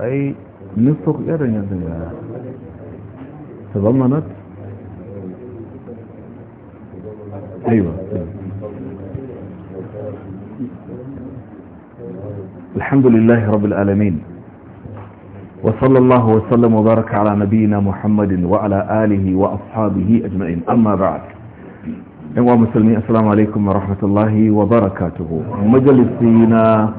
أي نصف إيران يزن تضمنت أيوة الحمد لله رب العالمين وصلى الله وسلم وبارك على نبينا محمد وعلى آله وأصحابه أجمعين أما بعد أيها المسلمين السلام عليكم ورحمة الله وبركاته مجلسينا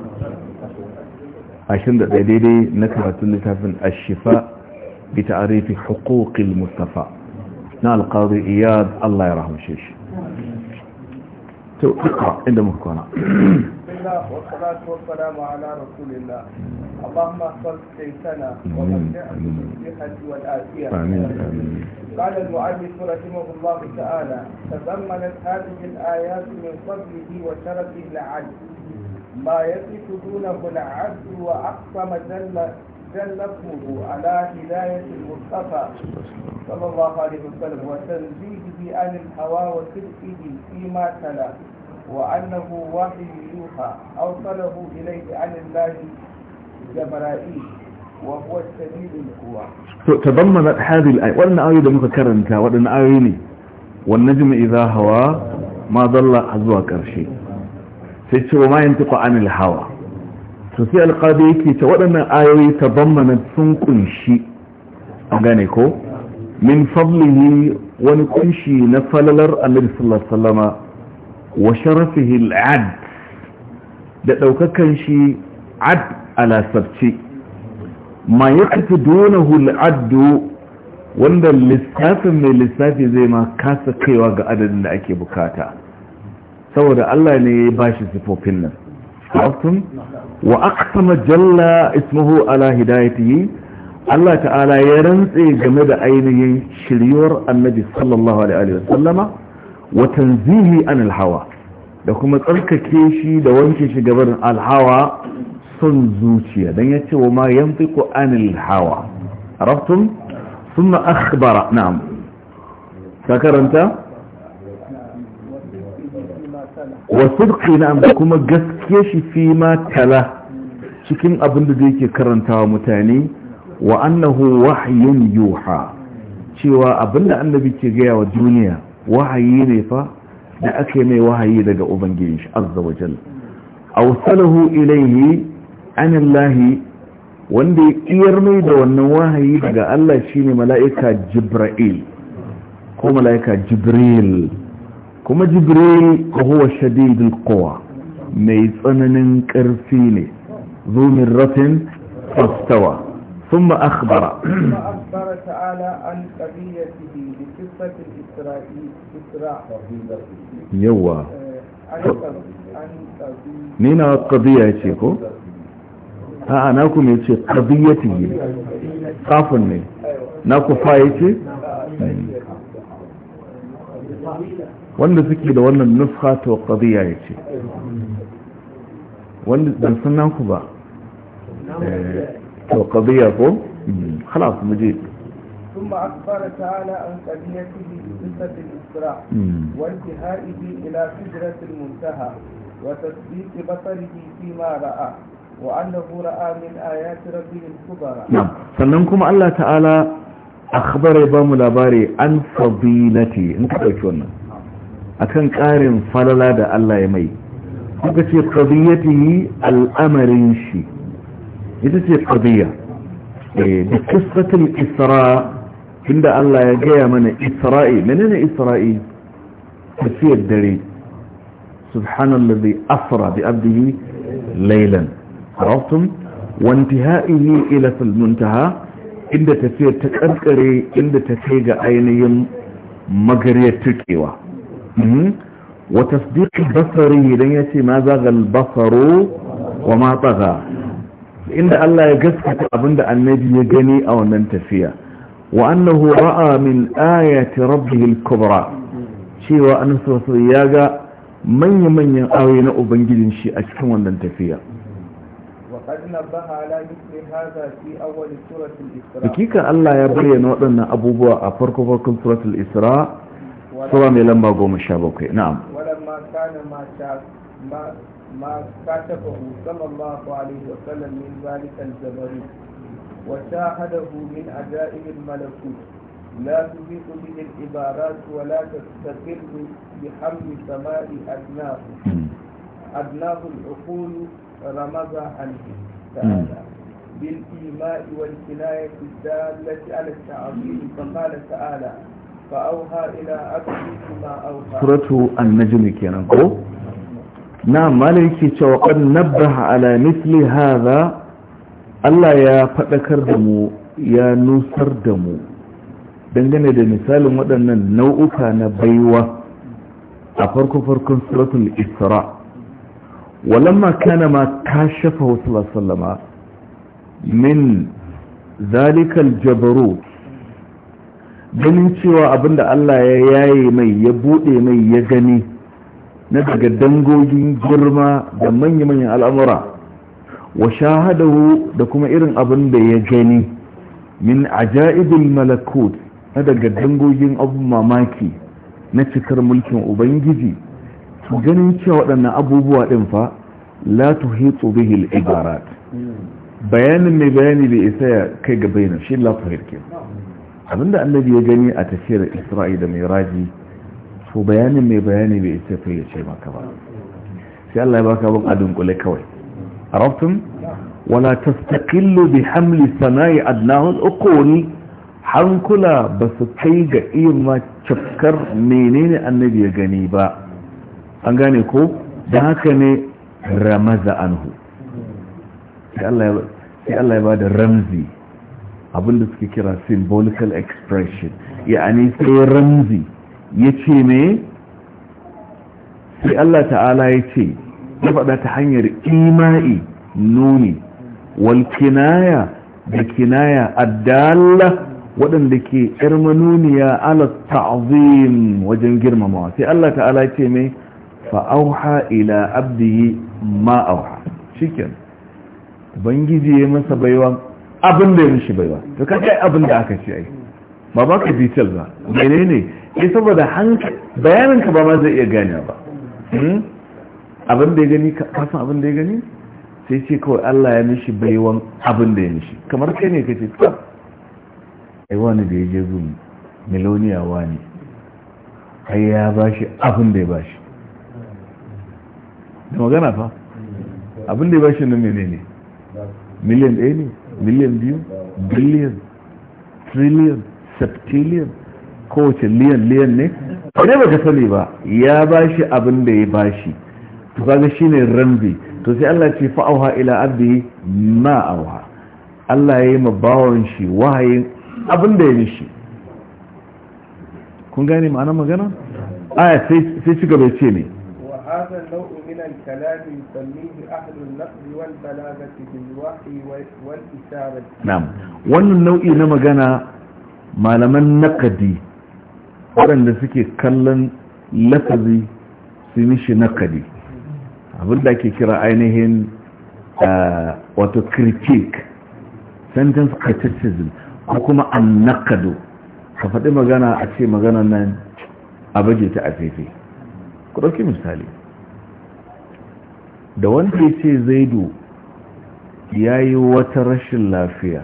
21 daidai na karatun littafin ashifa bi ta'arifi huquqil mustafa na alqadi iyad Allah ya rahamshe shi to ikra inda muka والصلاة والسلام على رسول الله اللهم احفظ شيخنا ومتعه بالصحة والآتية قال المؤلف رحمه الله تعالى تضمنت هذه الآيات من فضله وشرفه العجل ما يثق دونه العبد وأقسم جل جل اسمه على هداية المصطفى صلى الله عليه وسلم وتنزيهه عن الهوى وصدقه فيما تلا وأنه وحي يوحى أوصله إليه عن الله جبرائيل وهو الشديد القوى تضمنت هذه الآية وأن آية متكررة وأن آية والنجم إذا هوى ما ضل حزوى كرشي sai ce wa mayan tuku anil hawa to sai alƙadi yake ta waɗannan ayoyi ta bammana sun kunshi a gane ko min fablihi wani kunshi na falalar annabi sallallahu alaihi wa sharafihi al'ad da ɗaukakan shi ad ala sabci ma yakatu dunahu al'addu wanda lissafin mai lissafi zai ma kasa kaiwa ga adadin da ake bukata saboda Allah ne ya bashi sifofin nan haftun wa aqsama jalla ismuhu yi hidayatihi Allah ta'ala ya rantse game da ainihin shiryuwar annabi sallallahu alaihi wa sallama wa tanzihi an alhawa da kuma tsarkake shi da wanke shi gaban alhawa son zuciya dan yace wa ma yanfiqu an alhawa haftun thumma akhbara na'am ka karanta wasu na da kuma gaske shi fi ma tala cikin abin da zai ke karantawa mutane wa annahu wahayin yuha cewa abin da annabi ke gaya wa duniya wahayi ne fa da aka mai wahayi daga ubangiji shi azza wa jal ilaihi ilayhi lahi wanda ya kiyar mai da wannan wahayi daga Allah shine mala'ika Jibra'il ko mala'ika jibril kuma jibril وهو شديد القوى mai tsananin كرفيني ne zumin فاستوى fastawa ثم أخبر ثم أخبر تعالى عن قضيته بقصة الإسراء إسراء يوا مين آه، القضية يتيكو ها ناكم يتي قضيته خافني أيوة. ناكو فايتي آه، wanda suke da wannan nufa ta qadiya yace wanda dan sunan ku ba to qadiya ko خلاص مجيب ثم أخبر تعالى عن قضيته بقصة الإسراء وانتهائه إلى سدرة المنتهى وتصديق بصره فيما رأى وأنه رأى من آيات ربه الكبرى نعم فننكم الله تعالى أخبر بام لاباري عن فضيلته انت تعرف akan ƙarin falala da Allah ya mai suka ce qadiyatihi al'amarin shi ita ce qadiya da eh, qissatul isra inda Allah ya gaya mana isra'i menene isra'i tafiyar dare subhanallazi asra bi abdihi laylan araftum wa ila al-muntaha inda tafiyar ta karkare inda ta kai ga ainihin magariyar tukewa Hmm? wa tasdiq basari idan ce ma zagal basaru wa ma inda Allah ya gaskata abinda annabi ya gani a wannan tafiya wa annahu ra'a min ayati rabbih kubra cewa annabi ya ga manya-manyan aure na ubangijin shi a cikin wannan tafiya Hakika Allah ya bayyana waɗannan abubuwa a farko-farkon suratul Isra Sura mai lamba goma sha bakwai na'am. Walamma kana ma ta ma ma ka ta fahu sallallahu alaihi wa sallam min zalikal jabari wa shahadahu min ajaibil malakut لا تضيق به العبارات ولا تستقر بحمل سماء أدناه أدناه العقول رمز عنه بالإيماء والكناية الدالة على التعظيم فقال تعالى suratu kenan ko na malin cewa kan nabba ala misli Allah ya faɗakar da mu ya nusar da mu dangane da misalin waɗannan nau'uka na baiwa a farko farkon suratu isra walamma kana ma kashafa wasu sallama min zalikal jabarut ganin cewa abinda Allah ya yaye mai ya buɗe mai ya gani na daga dangogin girma da manya-manyan al'amura wa shahadahu da kuma irin abin da ya gani min ajaibul malakut na daga dangogin abu mamaki na cikar mulkin ubangiji to ganin cewa waɗannan abubuwa ɗin fa la tuhitu bihi al-ibarat bayanin mai bayani bai isa ya kai ga bayanin shi la tuhirkin abinda annabi ya gani a tafiyar isra'i da miraji to bayanin mai bayani bai isa ce maka ba sai Allah ya baka bin adun kule kawai arabtum wala tastaqillu bi hamli sana'i adnahu al-uquni hankula ba su kai ga iya ma cafkar menene annabi ya gani ba an gane ko da haka ne ramaza anhu sai Allah ya ba da ramzi abin da suke kira symbolical expression ya'ani sai ramzi ya ce me sai Allah ta'ala ya ce ya faɗa ta hanyar ima'i nuni walkinaya, da kinaya addalla waɗanda ke ƴar ya ala ta'zim wajen girmamawa sai Allah ta'ala ya ce me fa'auha ila abdihi ma auha shikin bangiji ya masa baiwa abin da ya mishi bai ba to kai abin da aka ce ai ba ba ka detail ba menene eh saboda hankali bayanin ka ba ma zai iya gane ba hmm? abin da ya gani ka san abin da ya gani sai ce kawai Allah ya mishi baiwan abin da ya mishi kamar kai ne kace ta ai wani da ya je gun miloniya wani ai ya bashi abin da ya bashi da magana fa abin da ya bashi nan menene miliyan ɗaya ne miliyan biyu biliyan triliyan septiliyan kowace liyan liyan ne ne baka sani ba ya bashi abin da ya bashi to kaga shi shine rambi to sai Allah ce fa ila abdi ma auha Allah ya yi ma bawon shi wahayin abin da ya yi shi. kun gane ma'anar magana aya sai ci gaba ce ne الكلام يسميه أهل النقد والبلاغة بالوحي والإشارة waɗanda suke kallon lafazi su mishi nakadi abinda ake kira ainihin wato critique sentence criticism ko kuma an nakado ka faɗi magana a ce magana nan a baje ta a fefe ku ɗauki misali da wanda ya ce zaidu ya yi wata rashin lafiya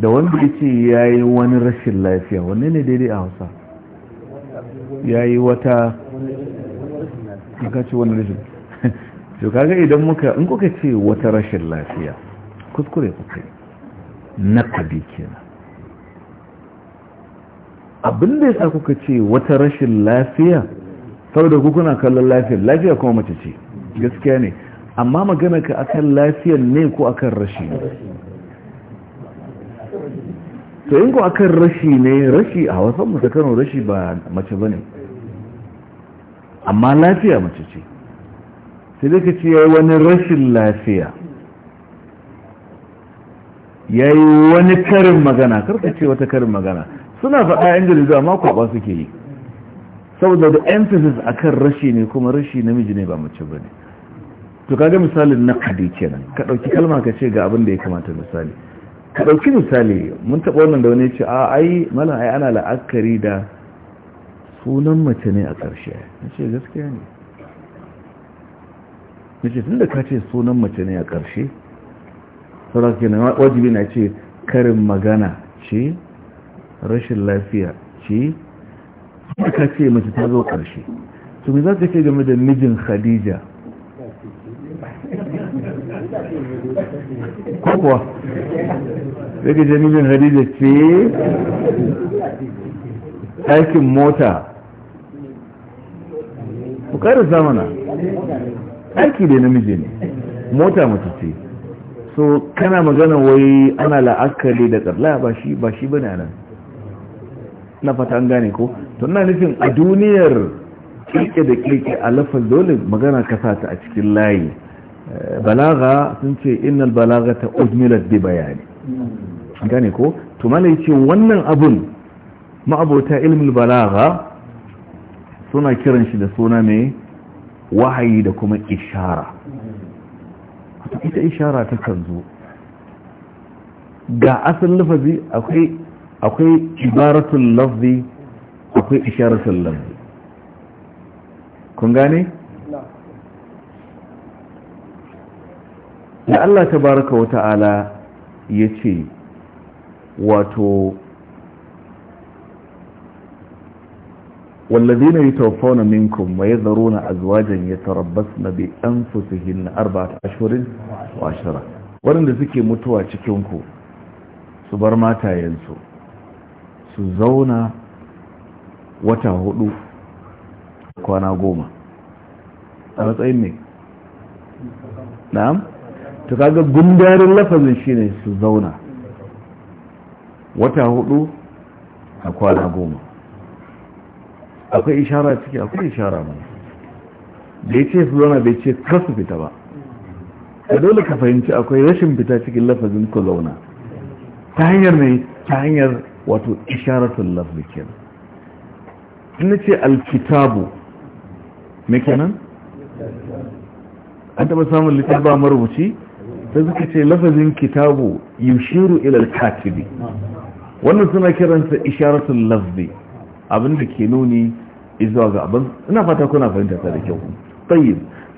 da wanda ya ce ya yi wani rashin lafiya wanne ne daidai a hausa ya yi wata ce wani rashin to kaga idan muka in kuka ce wata rashin lafiya kuskure kuka na kabi kenan abinda ya sa kuka ce wata rashin lafiya saboda kuna kallon lafiya lafiya kuma mace ce gaskiya ne amma magana ka akan lafiyar ne ko akan rashi to yin ko akan rashi ne rashi a wasan mutakano rashi ba mace ba ne amma lafiya mace ce sai da ka ce ya yi wani rashin lafiya ya yi wani karin magana ka ce wata karin magana suna faɗa yan jaridu amma kwaɓa suke yi saboda da emphasis akan rashi ne kuma rashi namiji ne ba mace ba ne to kaga misalin na hadi kenan ka dauki kalma ka ce ga abin da ya kamata misali ka dauki misali mun taba wannan da wani ce a ai malam ai ana la'akari da sunan mace ne a ƙarshe ce gaskiya ne tun da ka ce sunan mace ne a ƙarshe sauran kenan wajibi na ce karin magana ce rashin lafiya ce ka ce mace ta zo ƙarshe to me za ka ce game da mijin khadija kuwa sai ka jamilin hadiza ce aikin mota ku karasa mana aiki da namiji ne mota mace ce so kana magana wai ana la'akari da tsarla ba shi ba shi ba nan na fata an gane ko to ina nufin a duniyar kirke da kirke a lafa dole magana ka ta a cikin layi balaga sun ce innal balaga ta uzmilat bi bayani gane ko to mana yace wannan abun ma'abota ilmul balaga suna kiran shi da suna mai wahayi da kuma ishara ita ishara ta kan zo ga asalin lafazi akwai akwai ibaratul lafzi akwai isharatul lafzi kun gane da Allah ta baraka wa ta'ala ya ce wato wallazi na yi taufauna minkum mai ya zaro na azuwajen ya tarabbas na bai ɗan sosihin na arba ta ashirin wa ashira waɗanda suke mutuwa cikinku su bar matayensu su zauna wata hudu kwana goma a matsayin ne na'am to kaga gundarin lafazin shine su zauna wata hudu a kwana goma akwai ishara ciki akwai ishara mai da ya ce su zauna bai ce kasu fita ba a dole ka fahimci akwai rashin fita cikin lafazin ku zauna ta hanyar mai ta hanyar wato isharatun in na ce alkitabu mai kenan an taba samun littafi ba marubuci sai suka ce lafazin kitabu yushiru ilal katibi wannan suna kiransa isharatul lafzi abinda ke nuni izuwa ga abin ina fata kuna fahimta ta da kyau tayyib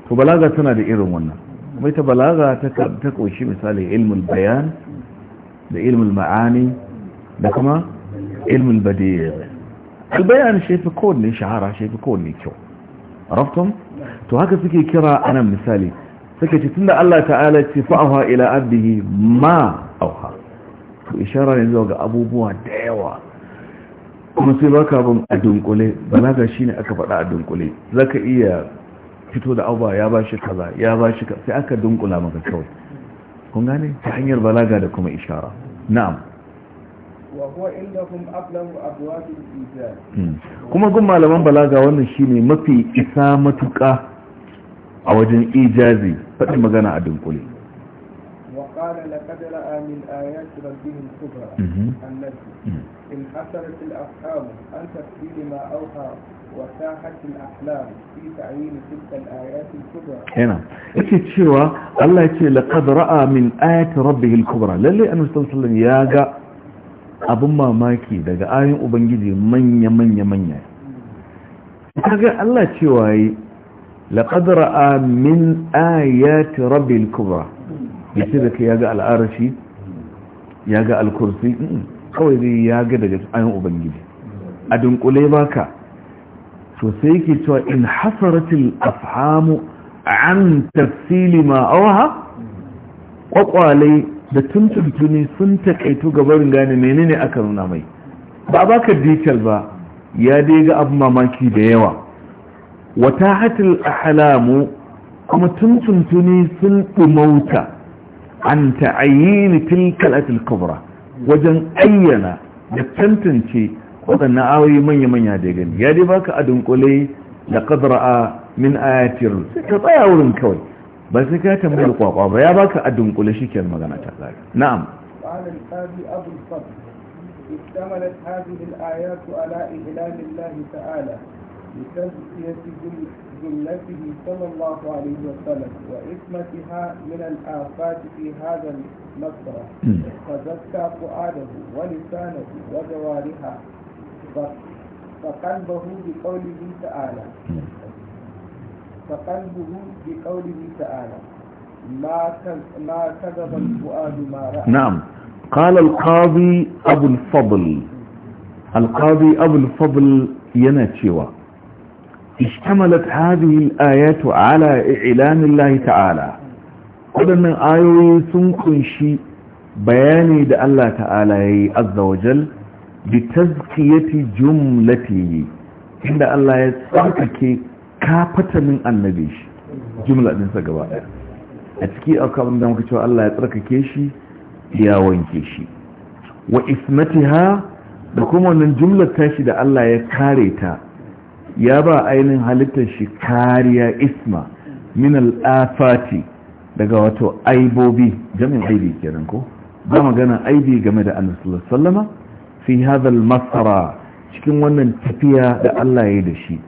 to balaga tana da irin wannan mai ta balaga ta koshi misali ilmul bayan da ilmul ma'ani da kuma ilmul badi'i albayan shi fi kowanne shahara shi fi kowanne kyau Rafton. to haka suke kira anan misali suka ce tunda Allah ta'ala ce fa'aha ila abdihi ma auha to ishara ne zuwa ga abubuwa da yawa kuma sai baka bin a dunkule balaga ne aka faɗa a dunkule zaka iya fito da abuwa ya bashi kaza ya ba shi sai aka dunkula maka kawai kun gane ta hanyar balaga da kuma ishara na'am hmm. kuma gun malaman balaga wannan shine mafi isa matuƙa a wajen ijazi faɗi magana a dunkule وقال لقد رأى من آيات ربهم الكبرى التي انحسرت الأفهام عن تفسير ما أوحى وساحت الأحلام في تعيين تلك الآيات الكبرى. هنا يكي تشيوا الله يكي لقد رأى من آيات ربه الكبرى للي أنه صلى الله عليه وسلم ياغا abin mamaki daga ayin ubangiji manya manya manya kaga Allah cewa yi laqad ra'a min ayati rabbil kubra yace da ya ga al'arashi ya ga al kawai zai ya ga daga ayin ubangiji a dunkule baka to sai yake cewa in hasaratil afhamu an tafsili ma auha kwakwalai da tuntuntuni sun taƙaitu gabarin gane menene ne nuna mai ba a baka detail ba ya dai ga abu mamaki da yawa wata hatil ahlamu kuma tun tuntuni sun ɗumauta an ta'ayyini tilkal atil kubra wajen ayyana da tantance waɗannan ayoyi manya-manya da gani ya dai baka a dunkule da kadara min ayatir sai ka tsaya wurin kawai ba sai ka tambayar kwakwa ba ya baka a dunkule shi ke magana ta tsari na'am اشتملت هذه الآيات على إعلان الله تعالى لتزكية جلته صلى الله عليه وسلم وإثمتها من الآفات في هذا المسرح فزكى فؤاده ولسانه وجوارها فقلبه بقوله تعالى فقلبه بقوله تعالى ما كذب الفؤاد ما رأى نعم قال القاضي أبو الفضل القاضي أبو الفضل يناتشيوه istamalat hadhihi al ala i'lan ta'ala wadannan ayoyi sun kunshi bayani da Allah ta'ala yayi azza wajal bi tazkiyati jumlatihi inda Allah ya tsarkake kafatanin annabi shi jumla ɗinsa gaba a ciki akwai da muka cewa Allah ya tsarkake shi ya wanke shi wa ismatiha da kuma wannan jumlar tashi da Allah ya kare ta ya ba ainihin halittar shi kariya isma min al'afati daga wato aibobi jami'in aibi kenan ko Za mu magana aibi game da annabi sallama fi hadha al cikin wannan tafiya da Allah ya yi da shi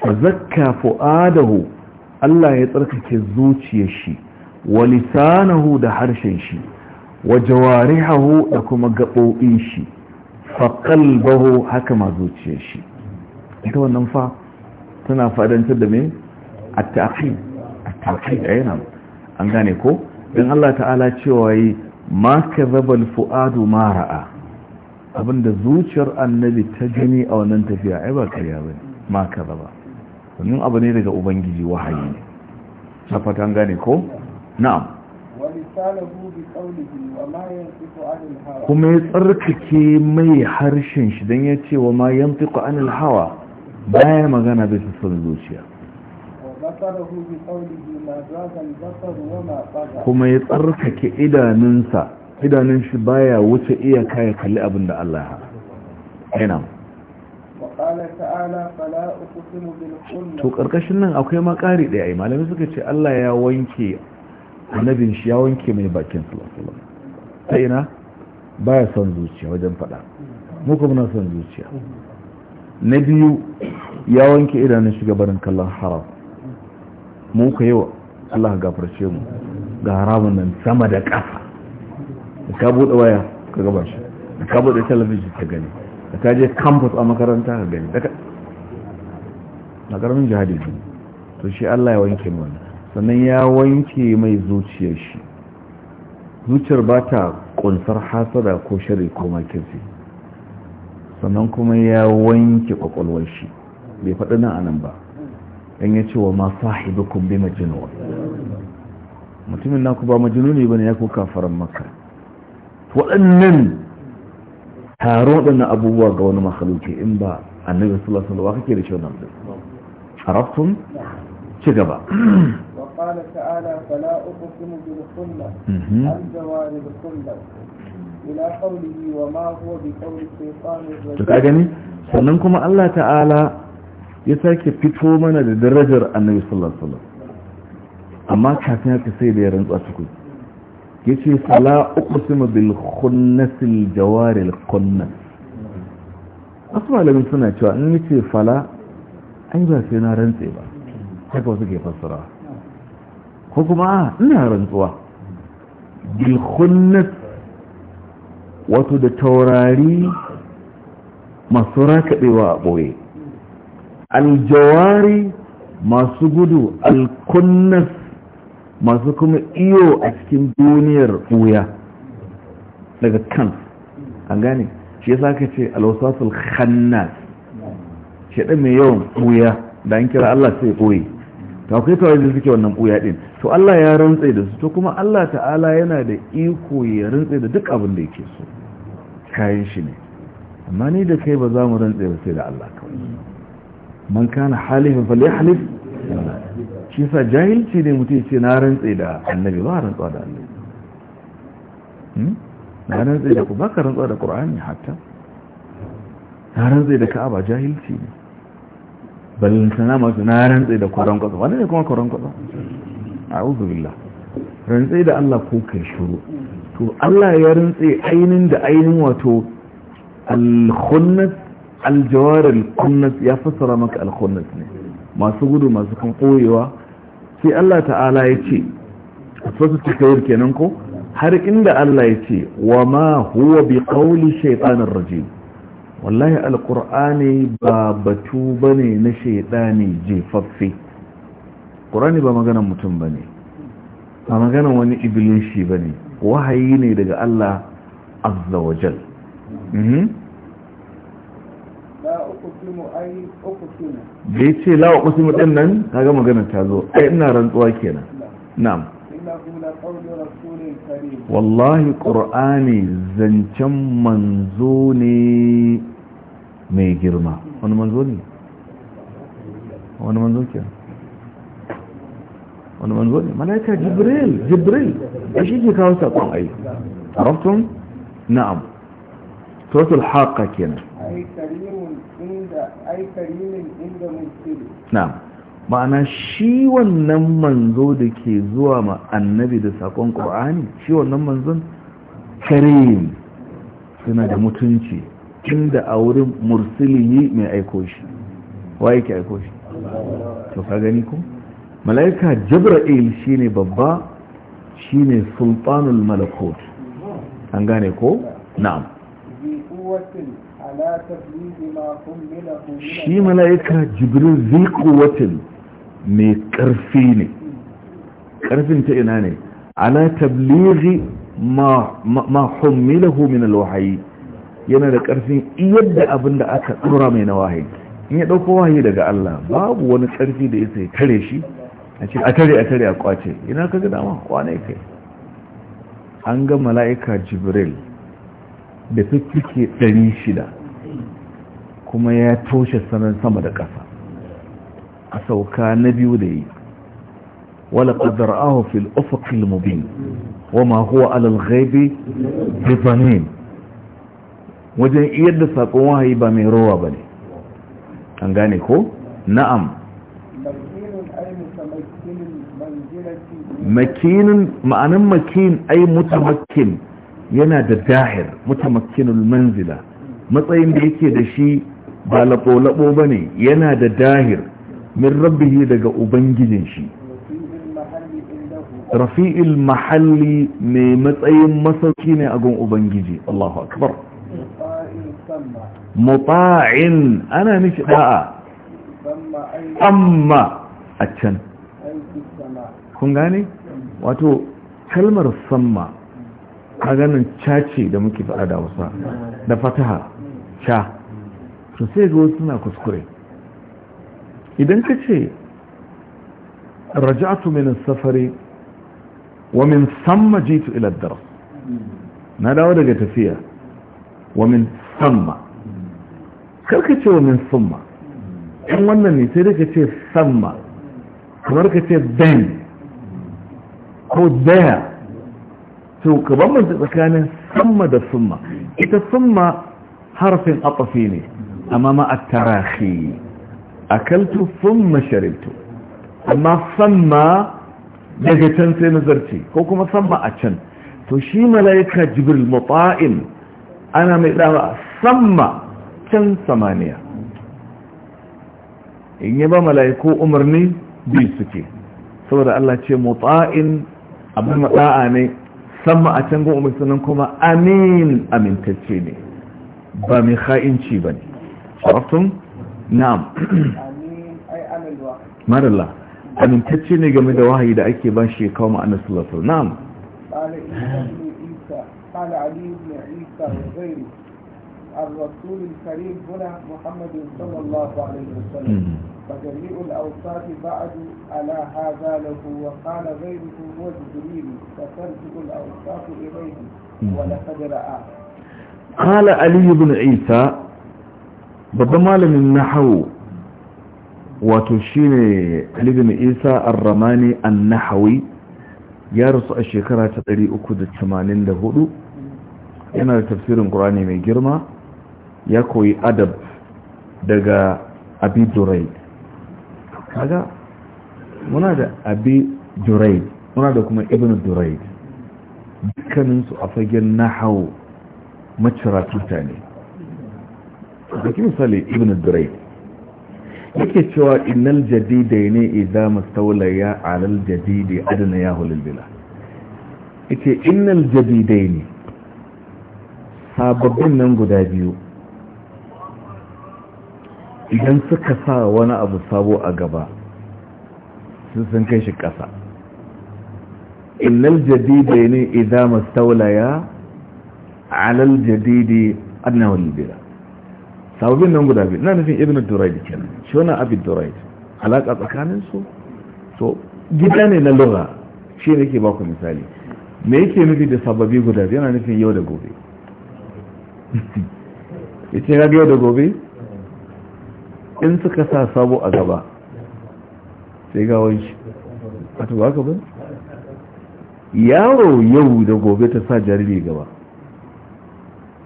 fa zakka fuadahu Allah ya tsarkake zuciyar shi wa lisanahu da harshen shi wa jawarihahu da kuma gabobin shi fa qalbahu haka ma zuciyar shi ita wannan fa tana fadantar da mai a taƙi a taƙi a eh, yana an gane ko don Allah ta'ala cewa yi ma ka zabal fu'adu mara'a abinda zuciyar annabi ta gani a wannan tafiya ai ba karya ba ma ka zaba domin abu ne daga ubangiji wahayi ne na fata an gane ko na'am kuma ya tsarkake mai harshen shi don ya ce wa ma yantiku anil hawa baya magana bai bisa son zuciya kuma ya tsarkake idanunsa idanun shi baya wuce iya ya kalli abin da Allah ya haina to karkashin nan akwai makari ɗaya yi malami suka ce Allah ya wanke annabin shi ya wanke mai bakin sallallahu ta ina baya son zuciya wajen fada mu kuma na son zuciya na biyu ya wanke idanun shiga barin kallon haram mu ka yi wa Allah gafarce mu ga haramun nan sama da ƙasa da ka buɗe waya ka gaba shi da ka buɗe talabijin ka gani da ka je campus a makaranta ka gani daga na ƙaramin jihadi ne to shi Allah ya wanke mu sannan ya wanke mai zuciyar shi zuciyar ba ta ƙunsar hasada ko shari ko makirsi sannan kuma ya wanke kwakwalwar shi bai faɗi nan anan ba ɗan ya ce wa ma sahibukum bi majinuwa mutumin naku ba ne bane ya ko kafaran maka. waɗannan taron waɗannan abubuwa ga wani makhluki in ba annabi sallallahu alaihi wasallam kake da shi wannan din arabtum ci gaba وقال تعالى فلا أقسم بالخلة الجوار الخلة to gani sannan kuma Allah ta'ala ya sake fito mana da darajar annabi sallallahu alaihi wasallam amma kafin haka sai da ya rantsa cikin ya ce fala uqsimu bil khunnasil jawaril khunnas wasu malamin suna cewa in nace fala ai ba sai na rantse ba haka wasu ke fassara ko kuma ina rantsuwa bil khunnas wato da taurari masu rakaɗewa a ɓoye aljawari masu gudu alkunnas masu kuma iyo a cikin duniyar ɓuya daga kan an gane shi yasa ka ce alwasasul khannas shaɗa mai yawan buya da an kira Allah sai ɓoye ta akwai taurari da suke wannan ɓuya ɗin to Allah ya rantse da su to kuma Allah ta'ala yana da iko ya rantse da duk abin da yake so kayan shi ne amma ni da kai ba za mu rantse ba sai da Allah kawai man kana halifin fa yahlif shi sa jahilci ne mutum ce na rantse da annabi ba rantsuwa da annabi hmm? na rantse da ku ba ka rantsuwa da qur'ani hatta na rantse da ka'aba jahilci ne sana masu na rantse da kuran kwatsa wani ne kuma kwaron kwatsa a'udhu uzu billah rantse da Allah ko kai shuru to Allah ya rintse ainin da ainin wato al-khunnat al-jawar al-khunnat ya fassara maka al-khunnat ne masu gudu masu kan koyewa sai Allah ta'ala ya ce a tsotsu kenan ko har inda Allah ya ce wa ma huwa bi qawli shaytanir rajim wallahi Alƙur'ani ba batu bane na shaytani jefaffe qur'ani ba maganar mutum bane ba maganar wani iblishi bane wahayi ne daga Allah azza wa jal mhm. da ya ce lawa ƙusumu ɗin nan ta ga maganar ta zo ai eh, ina rantsuwa kenan na'am wallahi ƙur'ani zancen manzo ne mai girma wani manzo ne wani manzo kenan wani manzo ne malaika jibril jibril a shi ke kawo saƙon ai arabtun na'am sautul haƙa kenan na'am ma'ana shi wannan manzo da ke zuwa ma annabi da saƙon ƙur'ani shi wannan manzon karim suna da mutunci inda a wurin mursiliyi mai aiko shi wa yake aiko shi to ka gani ko mala'ika jibra'il shine babba shine sultanul malakut an gane ko na'am shi mala'ika jibril zikuwatin mai ƙarfi ne ƙarfin ta ina ne ala tablighi ma hummilahu min alwahayi yana da ƙarfin yadda abinda aka tsura mai na wahayi in ya ɗauko wahayi daga Allah babu wani ƙarfi da ya kare shi a ce a tare a tare a kwace ina ka ga ma kwanai kai an ga mala'ika jibril da fiffike shida kuma ya toshe sanar sama da ƙasa a sauka na biyu da yi wala ƙadar ahu fil ofakil mubin ma huwa alal ghaibi bifanin wajen iyar da saƙon wahayi ba mai rawa ba ne an gane ko na'am makinin ma'anin makin ai mutamakin yana da dahir mutamakinul manzila matsayin da yake da shi ba laɓo-laɓo ba ne yana da dahir min rabbihi daga ubangijin shi rafi'il mahalli mai matsayin masauki ne a gun ubangiji allahu akbar muta'in ana nishi da'a amma a can kun gane wato kalmar samma a ganin caci da muke fada da wasa da fataha ca to sai ga wasu suna kuskure idan ka ce raja'atu min safari wa min samma jitu ila dar na dawo daga tafiya wa min samma karka ce wa min samma in wannan ne sai da ka ce samma kamar ka ce dan. ko daya to ka bambanta tsakanin samma da summa ita summa harfin atafi ne amma ma at-tarahi akaltu thumma sharibtu amma samma daga can sai nazarci ko kuma samma a can to shi malaika jibril muta'im ana mai dawa samma can samaniya in yaba malaiku umarni bi suke saboda Allah ce muta'in abin matsa'a ne sama a can goma sunan kuma amin amintacce ne ba mai ha'inci ba ne shafin na'am marilla amintacce ne game da wahayi da ake ba shi kawo ma'ana sulatu na'am الرسول الكريم هنا محمد صلى الله عليه وسلم فجميع الأوصاف بعد على هذا له وقال غيره هو جبريل فتنسب الأوصاف إليه ولقد رآه قال علي بن عيسى babban malamin nahawu wato shine Ali bin Isa Ar-Ramani An-Nahawi ya rasu a shekara ta 384 yana da tafsirin Qur'ani mai girma ya koyi adab daga Abi Durayd kaga muna da abi duraid muna da kuma ibn duraid dukkaninsu a fagen nahau maciratuta ne daki misali ibn duraid yake cewa innal jadidai ne idan mastaulaya alal jadidi adana ya hulilbila yake innal jadidai ne sababbin nan guda biyu idan suka sa wani abu sabo a gaba sun kai shi ƙasa illal jadidi ne idan mastaulaya alal jadidi annahu bida sabobin nan guda biyu na nufin ibn duraid kenan shi wani abin duraid alaƙa tsakanin su to gida ne na lura shi ne ke baku misali me yake nufi da sababbi guda biyu yana nufin yau da gobe ita ya yau da gobe in suka sa sabo a gaba sai gawon shi a tuba ka yaro yau da gobe ta sa jariri gaba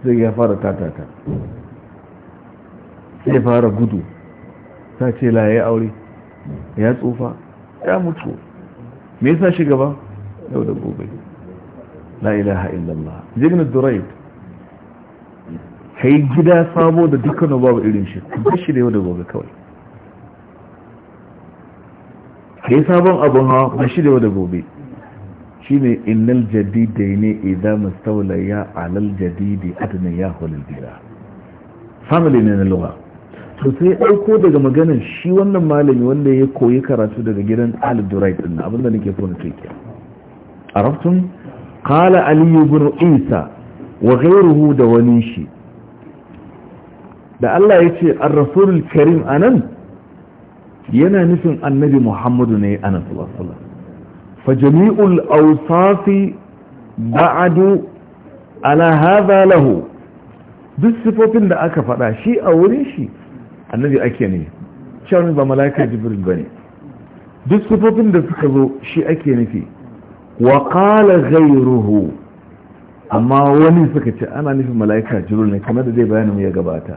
sai ya fara tatata sai fara gudu ta ce laye aure ya tsufa ya mutu me yasa shi gaba yau da gobe la ilaha illallah jirgin durayt ka yi gida sabo da dukkanin babu irin shi ka shi da yau da gobe kawai ka yi sabon abin hawa ba shi da yau da gobe shi ne innal jadidai ne idan mustaula ya alal jadidi adana ya hulil dira family ne na lura to sai ɗauko daga maganin shi wannan malami wanda ya koyi karatu daga gidan al-durait ɗin abinda nake so na tuki a raftun kala aliyu bin isa wa ghairuhu da wani shi da Allah ya ce an rasulul karim nan, yana nufin annabi Muhammadu ne nan sallallahu fa jami'ul awsafi Ba'adu ala hadha lahu duk sifofin da aka faɗa shi a wurin shi annabi ake ne cewa ba mala'ika jibril bane duk sifofin da suka zo shi ake nufi wa qala ghayruhu amma wani suka ce ana nufin mala'ika jibril ne kamar da zai mu ya gabata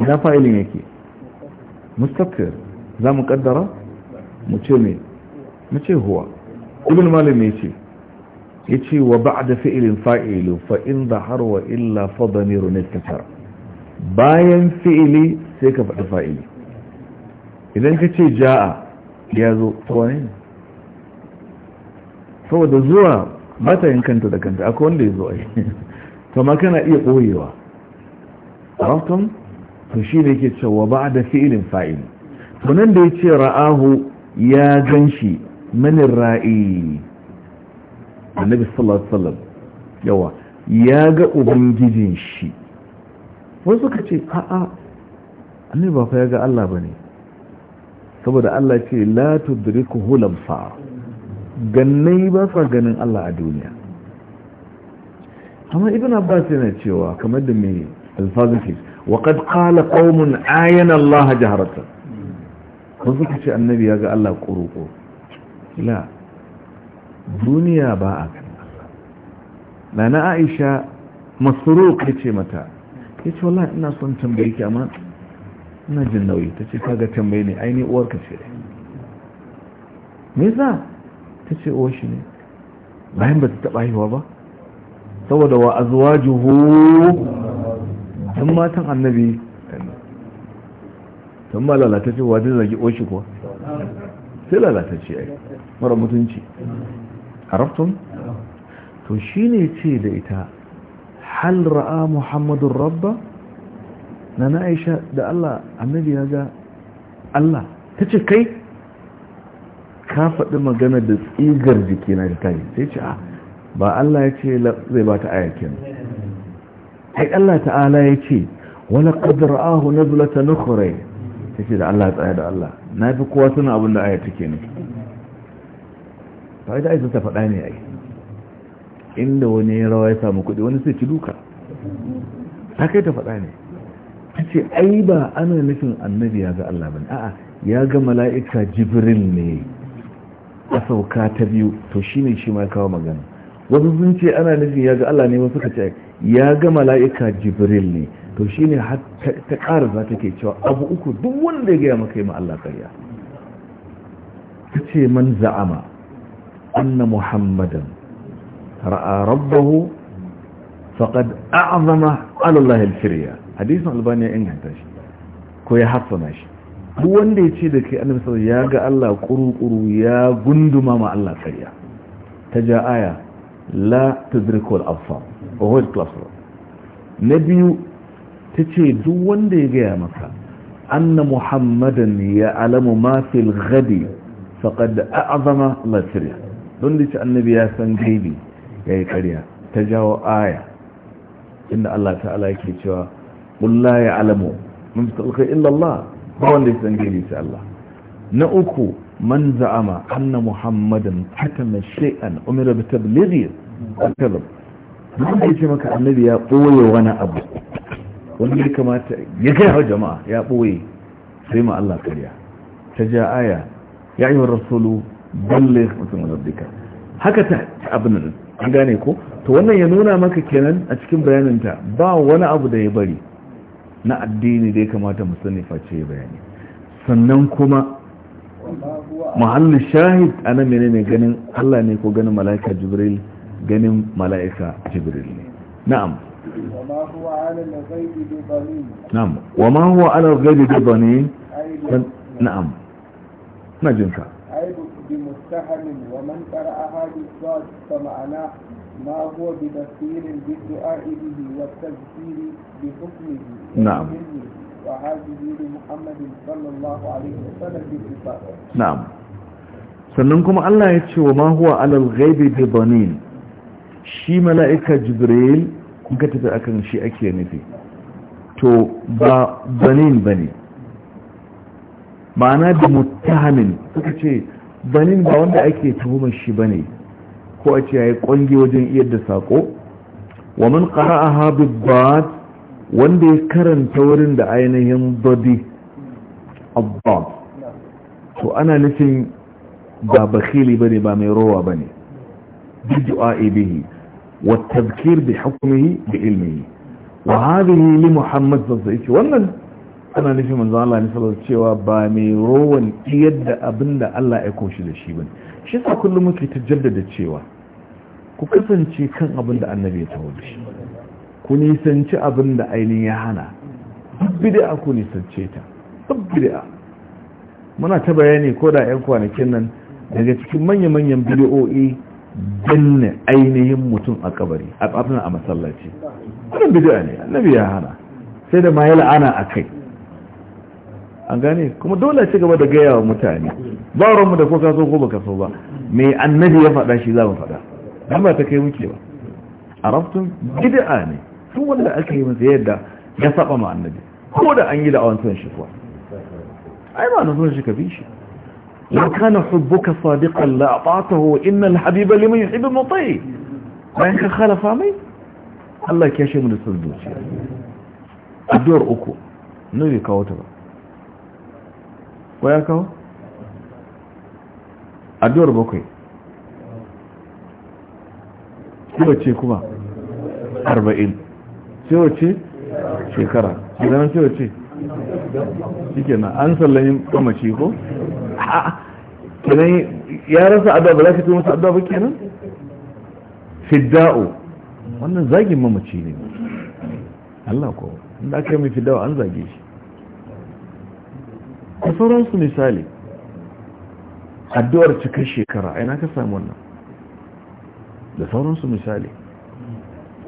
ina fa'ilin yake mustaqir za mu kaddara mu ce me mu ce huwa ibn malik ne ce yace wa ba'da fi'lin fa'ilu fa in dhahar wa illa fa damiru ittatar bayan fi'ili sai ka fadi fa'ili idan ka ce ja'a ya zo to ne saboda zuwa ba ta yin kanta da kanta akwai wanda ya zo ai to ma kana iya koyewa. a to shi ne ke cewa ba da fi'ilin fa'il to nan da ya ce ra'ahu ya gan shi manin ra'i annabi sallallahu alaihi wasallam yawa ya ga ubangijin shi wasu suka ce a'a annabi ba fa ya ga Allah bane saboda Allah ce la tudriku hulam fa gannai ba sa ganin Allah a duniya amma ibn abbas yana cewa kamar da mai alfazin وقد قال قوم عاين الله جهرة فذلك شيء النبي يقول الله قروقه لا دنيا باء انا عائشه مسروق يتي متى كيت والله انا صن تنبيك اما ina jin nauyi ta ce kaga tambayi ne aini uwarka ce me za ta ce uwar shi ne bayan ba ta taɓa haihuwa ba saboda wa juhu. don matan annabi tun ma lalatacce wa zai zage oshi kuwa sai lalatacce ai mara mutunci haraftun to shi ne ce da ita hal ra'a muhammadun rabba na na aisha da allah annabi ya ga allah ta ce kai ka faɗi magana da tsigar jikina da tari sai ce a ah, ba allah ya ce zai ba ta ayyakin sai Allah ta'ala ya ce wani ƙadar ahu na zulata na kure ta ce da Allah tsaye da Allah na fi kowa suna abin da aya take ne fa'ida aisa ta faɗa ne ai inda wani ya rawa ya samu kuɗi wani sai ci duka ta kai ta faɗa ne ta ce ai ba ana nufin annabi ya ga Allah ba a'a ya ga mala'ika jibril ne a sauka ta biyu to shine shi ma kawo magana wasu sun ce ana nufin ya ga Allah ne wasu ka ce ya ga mala'ika jibril ne to shine ne ta ƙara za ta ke cewa abu uku duk wanda ya gaya maka yi ma Allah ƙarya ta ce man za'ama anna muhammadan ra'a rabbahu faqad a'zama ala Allah hadisin albani ya inganta shi ko ya hassana shi duk wanda ya ce da kai annabi sallallahu ya ga Allah kuru ya gunduma ma Allah ƙarya ta ja aya la tudrikul absar wa classroom na biyu ta ce duk wanda ya gaya maka anna muhammadan ya alamu ma fil ghadi faqad a'zama masriya don da annabi ya san gaibi yayi karya ta jawo aya inda Allah ta'ala yake cewa qul la ya'lamu man fi illa Allah ba wanda ya san gaibi sai Allah na uku من زعم anna muhammadan حكم شيئا umira بتبليغه tablighi من kadhib duk النبي يا قوي وانا ya boye wani abu wanda ya kamata ya kai wa jama'a ya boye sai ma Allah kariya من ربك aya ya ayyuhar rasulu balligh mutum haka ta an gane ko to wannan ya nuna maka kenan a cikin bayanin ta. ba wani abu da ya bari na addini dai kamata mu face bayani sannan kuma mahallin shahid a nan menene ganin Allah ne ko ganin mala'ika jibril ganin mala'ika jibril ne na'am na'am wa ma huwa ala ghaibi bi dhanin na'am na jinka بمستحم ومن قرأها بالصاد فمعناه ما هو بتفسير بالدعاء به والتذكير بحكمه نعم وهذه لمحمد صلى الله عليه وسلم بالصفات نعم sannan kuma Allah ya ce wa ma huwa alal ghaibi bi banin shi mala'ika jibril kun ka tafi akan shi ake nufi to ba banin bane ma'ana da muttahamin suka ce banin ba wanda ake tuhumar shi bane ko a ce yayi kwange wajen iyar da sako wa man qara'aha bi dad wanda ya karanta wurin da ainihin badi Abba, to ana nufin ba bakili bane ba mai rowa bane du'a bihi wa tadhkir bi hukmihi bi ilmihi wa hadhihi li muhammad zazzaici wannan ana nufi manzo Allah ne sallallahu cewa ba mai rowan yadda abinda Allah ya koshi da shi bane shi sa kullum muke tajaddada jaddada cewa ku kasance kan abinda annabi ya tawo shi ku nisanci abinda ainihin ya hana duk bid'a ku nisance ta duk bid'a muna ta bayani ko da 'yan kwanakin nan daga cikin manya-manyan bidiyo'i danna ainihin mutum a kabari a abin a masallaci Wani bidiyo ne annabi ya hana sai da ma yi la'ana a kai an gane kuma dole ci gaba da gaya wa mutane ba ranmu da ko kaso ko baka so ba me annabi ya faɗa shi za mu faɗa dan ba ta kai muke ba arabtun bidi'a ne tun wanda aka yi masa yadda ya saba ma annabi ko da an yi da awan son shi kuwa ai ba na son shi ka bi shi لو كان حبك صادقا لأعطاته إن الحبيب لمن يحب المطيع bayan ka khalafa mai Allah ke shi mu da addu'ar uku ne bai kawo ta ba ko ya kawo addu'ar bakwai kuma ce kuma arba'in sai wace shekara sai zanen sai wace shi kenan an sallami kamashi kenan ya rasa addu'a ba za ka masa addu'a ba kenan fidda'u wannan zagin mamaci ne Allah ko inda aka yi mai fidda'u an zage shi a sauransu misali addu'ar cika shekara aina ka samu wannan da sauransu misali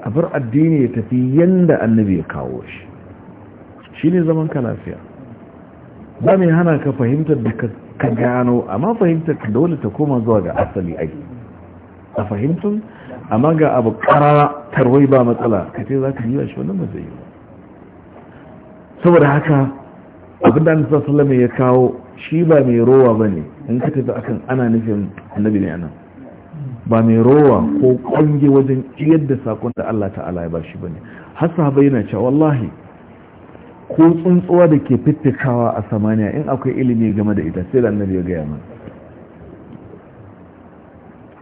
a bar addini ya tafi yadda annabi ya kawo shi shi ne zaman ka lafiya ba mai hana ka fahimtar da ka ka gano amma fahimta dole ta koma zuwa ga asali ai a fahimtun amma ga abu karara tarwai ba matsala ka ce za ka yi shi wani ba saboda haka abu da annabi sallallahu ya kawo shi ba mai rowa bane in ka tafi akan ana nufin annabi ne anan ba mai rowa ko kwange wajen yadda da sakon da Allah ta'ala ya bashi bane har sahabbai yana cewa wallahi ko tsuntsuwa da ke fiffikawa a samaniya in akwai ilimi game da ita sai da annabi ya gaya mana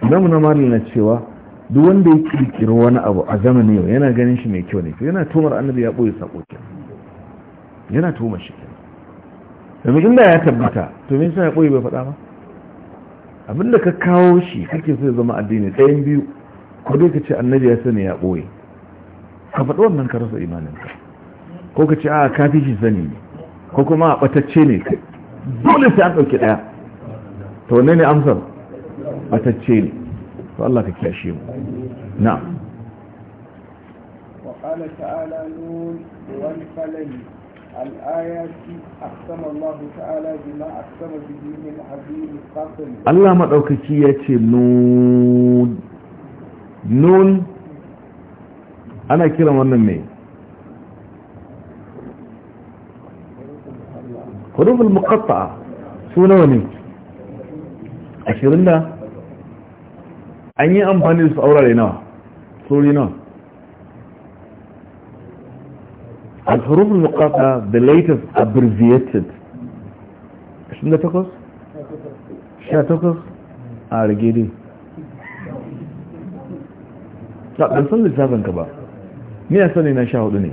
idan muna malin na cewa duk wanda ya kirkiri wani abu a zamanin yau yana ganin shi mai kyau ne yana tumar annabi ya boye sako yana tumar shi domin inda ya tabbata to me yasa ya boye bai faɗa ba da ka kawo shi kake so ya zama addini tsayin biyu ko dai ka ce annabi ya sani ya boye ka faɗi wannan ka rasa imaninka ko ka ce a ah, kafi shi zani ko kuma a ah, batacce ne kai dole sai an ɗauki ɗaya to wanne ne amsar batacce ne to Allah ka kyashe mu na'am وقال تعالى نون والقلم الآيات أقسم الله تعالى بما أقسم به من yace nun nun ana wannan huruful muqatta'a su ne ashirin da an yi amfani su aurare nawa الحروف المقاطعة the latest abbreviated شنو ده تقص شا تقص ارجيدي لا ban san lissafin ba ni a sani na sha hudu ne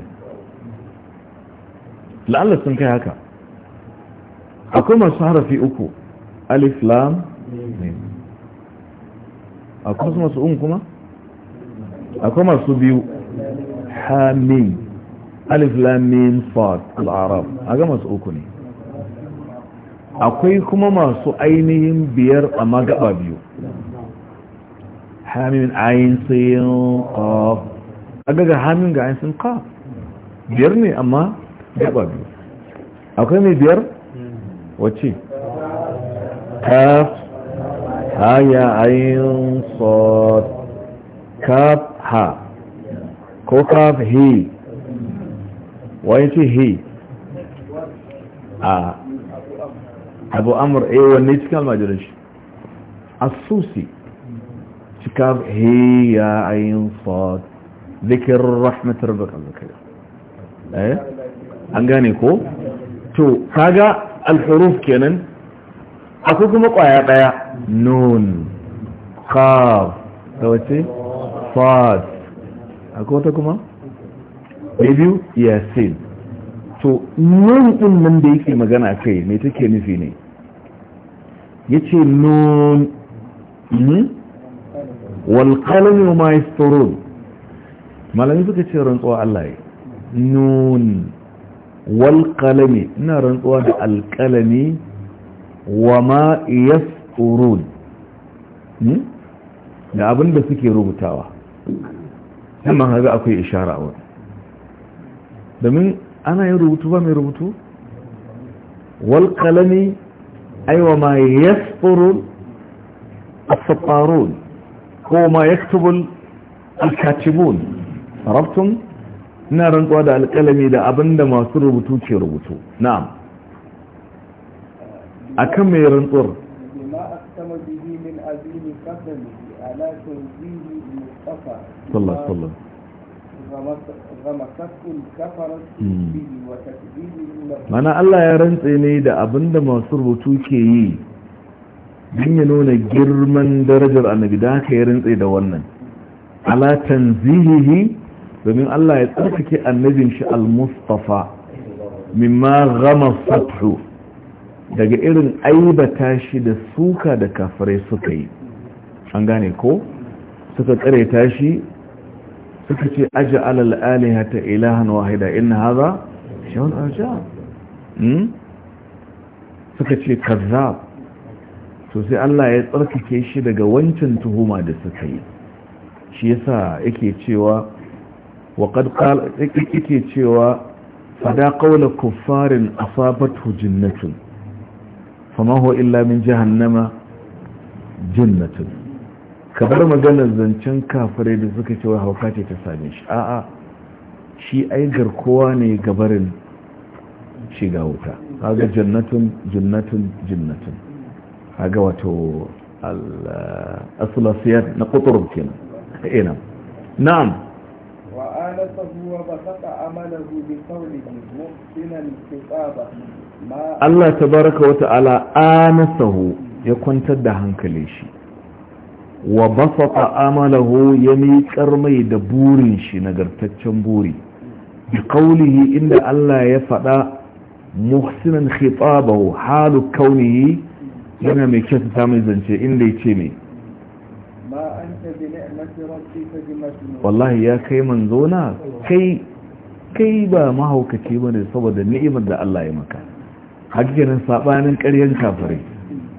sun kai haka akwai masu harafi uku alif lam mim akwai masu un kuma akwai masu biyu hamim alif lam mim sad al-arab aga masu uku ne akwai kuma masu ainihin biyar a magaba biyu hamim ayin sayin qaf aga ga hamim ga ayin sayin qaf biyar ne amma gaba biyu akwai mai biyar wacce kaf ha ya ayin sod kaf ha ko kaf he wani ce he a abu amur eh, a ne cikin almajirin shi asusi cikar he ya ayin sod zikin rahmatar bakan eh? zakari an gane ko to kaga alhuruf kenan akwai kuma kwaya daya nun qaf da wace fas akwai wata kuma mai biyu yasin to nun din nan da yake magana kai me take nufi ne Ya ce nun hmm? wal qalam ma yasturun malami suka ce rantsuwa Allah nun والقلم نرن قوان القلم وما يسطرون لا أبن بس كي روبتاوا هم هذا أكوي إشارة أول دمين أنا يروبتو ما يروبتو والقلم أي وما يسطر السطارون هو ما يكتب الكاتبون عرفتم؟ ina rantsuwa da alƙalami da abinda masu rubutu ke rubutu na'am kan mai rantsuwar hmm. mana Allah ya rantse ne da abinda masu rubutu ke yi don ya nuna girman darajar annabi da haka ya rantse da wannan ala tanzihihi domin Allah ya tsarkake annabin shi al-mustafa mimma gama fathu daga irin aibata shi da suka da kafirai suka yi an gane ko suka tsareta shi suka ce aji alal ta ilahan wahida in haza shawar aja hmm? suka ce kazzab to sai Allah ya tsarkake shi daga wancan tuhuma da suka yi shi yasa yake cewa وقد قال اكي تشيوا فدا قول كفار أصابته جنة فما هو إلا من جهنم جنة kabar maganar zancen kafirai da suka cewa hauka ce ta same shi a'a shi ai garkowa ne gabarin shiga wuta kaga jannatin, jannatun jannatun kaga wato al-aslasiyat na qutur kenan na'am Allah ta baraka Allah wa ta'ala anasahu ya kwantar da hankali shi wa amala amalahu ya miƙar mai da burin shi nagartaccen buri bi kaunihi, inda Allah ya faɗa muhsinan khitabahu halu kaunihi yana mai kyautata mai zance inda yace mai. wallahi ya kai manzo na kai kai ba mahaukaci bane saboda ni'imar da Allah ya maka hakikanin sabanin ƙaryan kafirai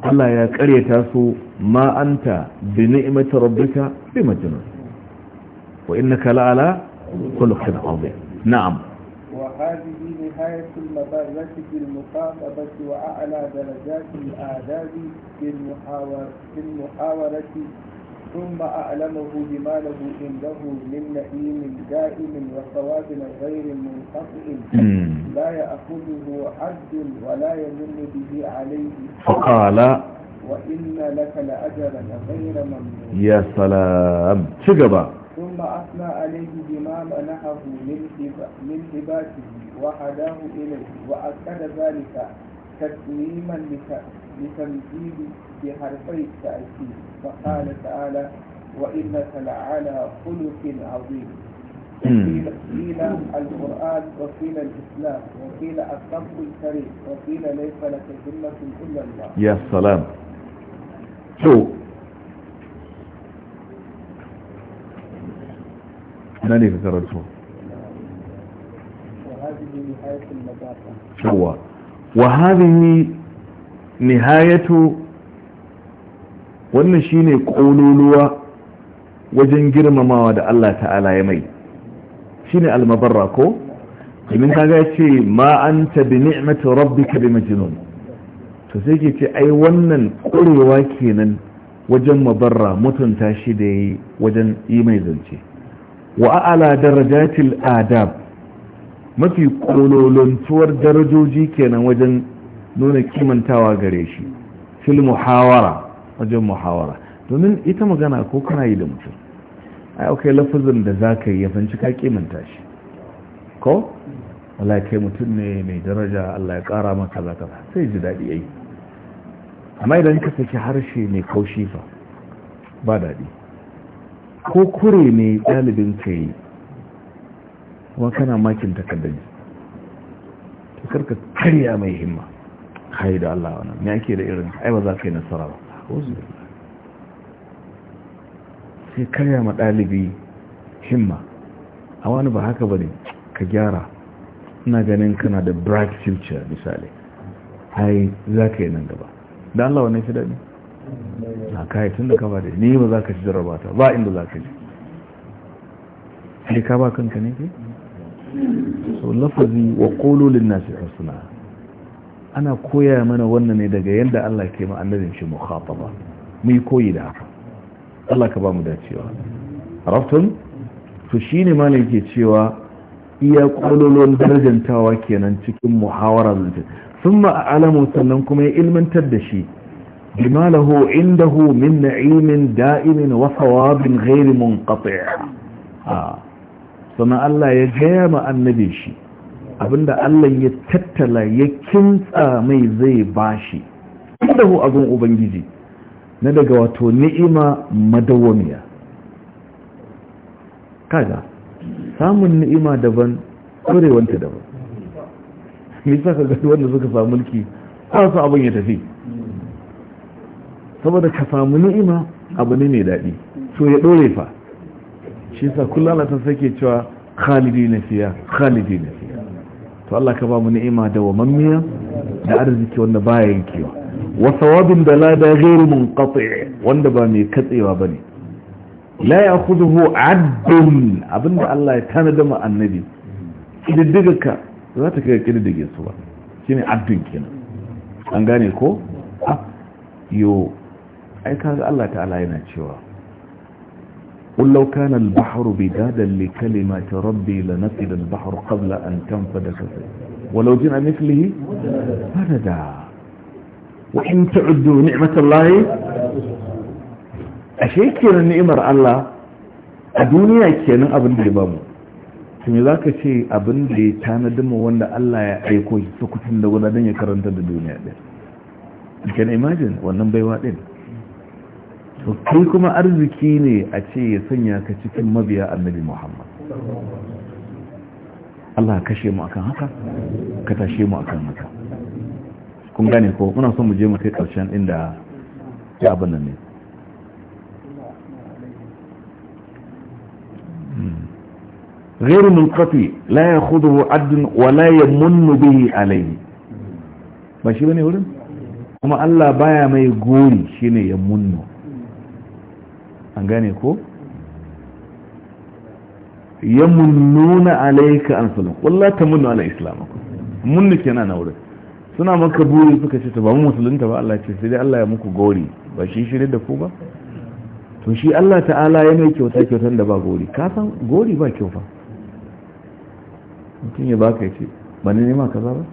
Allah ya ƙaryata su ma anta bi ni'imati rabbika bi majnun wa innaka la'ala khuluqin 'azim na'am wa hadhihi نهاية المبالغة في المخاطبة وأعلى درجات الآداب في المحاورة ثم أعلمه بما له عنده من نعيم دائم وثواب غير منقطع لا يأخذه عبد ولا يمن به عليه فقال وإن لك لأجرا غير ممنون يا سلام شقبا ثم أثنى عليه بما منحه من حباته وهداه إليه وأكد ذلك تسليما لتأثير لتمجيد بحرفي التأكيد فقال تعالى وإنك لعلى خلق عظيم قيل القرآن وقيل الإسلام وقيل الصبر الكريم وقيل ليس لك ذمة إلا الله يا سلام شو أنا ترى شو وهذه نهاية المدافع شو وهذه nihayatu wannan shine ƙololuwa wajen girmamawa da Allah ta'ala ya mai shine almabarra ko domin ga ce ma anta bi ni'mati rabbika bi majnun to sai ke ce ai wannan ƙorewa kenan wajen mabarra mutunta shi da yi wajen yi mai zance wa a'ala darajatil adab mafi kololontuwar darajoji kenan wajen nuna kimantawa gare shi fil muhawara wajen muhawara domin ita magana ko kana yi da mutum ai okay lafazin da za ka yi ya fanci ka kimanta shi ko wala kai mutum ne mai daraja Allah ya kara maka za ka sai ji daɗi yayi amma idan ka saki harshe mai kaushi fa ba daɗi ko kure ne ɗalibin ka yi kana makin takardar karka karya mai himma kai da Allah wannan me ake da irin ai ba za ka yi nasara ba sai karya ma ɗalibi himma a wani ba haka ba ne ka gyara ina ganin kana da bright future misali ai za ka yi nan gaba da Allah wannan fi daɗi a kai tun da ka ba da ni ba za ka ci ta ba inda za ka ji sai ka ba kanka ne ke so lafazi wa ƙololin nasi hasuna ana koya mana wannan ne daga yadda Allah ke ma annabin shi mukhataba mu yi koyi da haka Allah ka ba mu dacewa raftun to shine malam yake cewa iya darajar darajantawa kenan cikin muhawara zance thumma a'lamu sannan kuma ya ilmantar da shi bima lahu indahu min na'imin da'imin wa thawabin ghairi munqati' ah. sannan Allah ya gaya ma annabi shi abinda Allah ya tattala ya kintsa mai zai bashi hu abin ubangiji na daga wato ni'ima madawamiya. kaga samun ni'ima daban kurewanta daban nisa ka gani wanda suka samu mulki ba su abin ya tafi saboda ka samu ni'ima abu ne mai daɗi so ya ɗore fa shi sa kullum ta sake cewa khalidi na siya, khalidi na siya. to Allah ka ba mu ni'ima da wamammiya da arziki wanda ba ya yankewa wa sawabin da la da ghairu munqati wanda ba mai katsewa ne. la ya'khudhu 'abdun abinda Allah ya tanada mu annabi kididdiga ka za ta kai kididdige su ba shine 'abdun kenan an gane ko ah, yo ai kaga Allah ta'ala yana cewa قل لو كان البحر بدادا لكلمة ربي لنفد البحر قبل أن تنفد كفر ولو جئنا مثله فندا وإن تعدوا نعمة الله أشيء كان نعمر الله الدنيا كنا أبن لبامو kuma za ka ce abin da ya tanadin mu wanda Allah ya aiko shi sukutun da gudanar ya karanta da duniya ɗin. You can imagine wannan baiwa ɗin. kai kuma arziki ne a ce ya sanya ka cikin mabiya annabi muhammad Allah kashe mu akan haka ka tashe mu akan haka kun gane ko muna son mu je mu kai karshen inda ya abin nan ne غير منقطع لا يأخذه عدل ولا يمن به عليه ba shi bane wurin kuma Allah baya mai gori shine ya munnu an gane ko yamunnuna alayka an salam ta tamunnu ala islamakum munnu kenan na wurin suna maka buri suka ce ta ba mu musulunta ba Allah ce sai dai Allah ya muku gori ba shi shirye da ku ba to shi Allah ta'ala ya mai kyauta kyautan da ba gori ka san gori ba kyau fa mutum ya baka ce ba ne nema kaza ba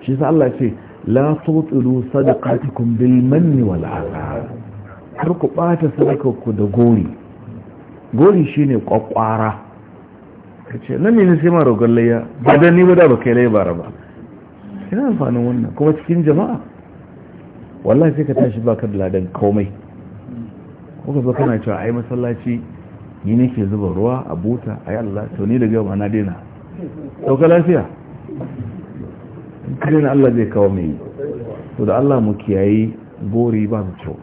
shi sa Allah ce la tutilu sadaqatikum bil manni wal azab Kar ku ɓata sadakarku da gori gori shine kwakwara ka ce nan ne sai ma rogon layya ba da ni ba da ba kai layya ba ina amfanin wannan kuma cikin jama'a wallahi sai ka tashi baka da ladan komai ka zo kana cewa ai masallaci ni nake zuba ruwa a buta ai Allah to ni daga na daina sauka lafiya kiran Allah zai kawo mai to da Allah mu kiyaye gori ba mu kyau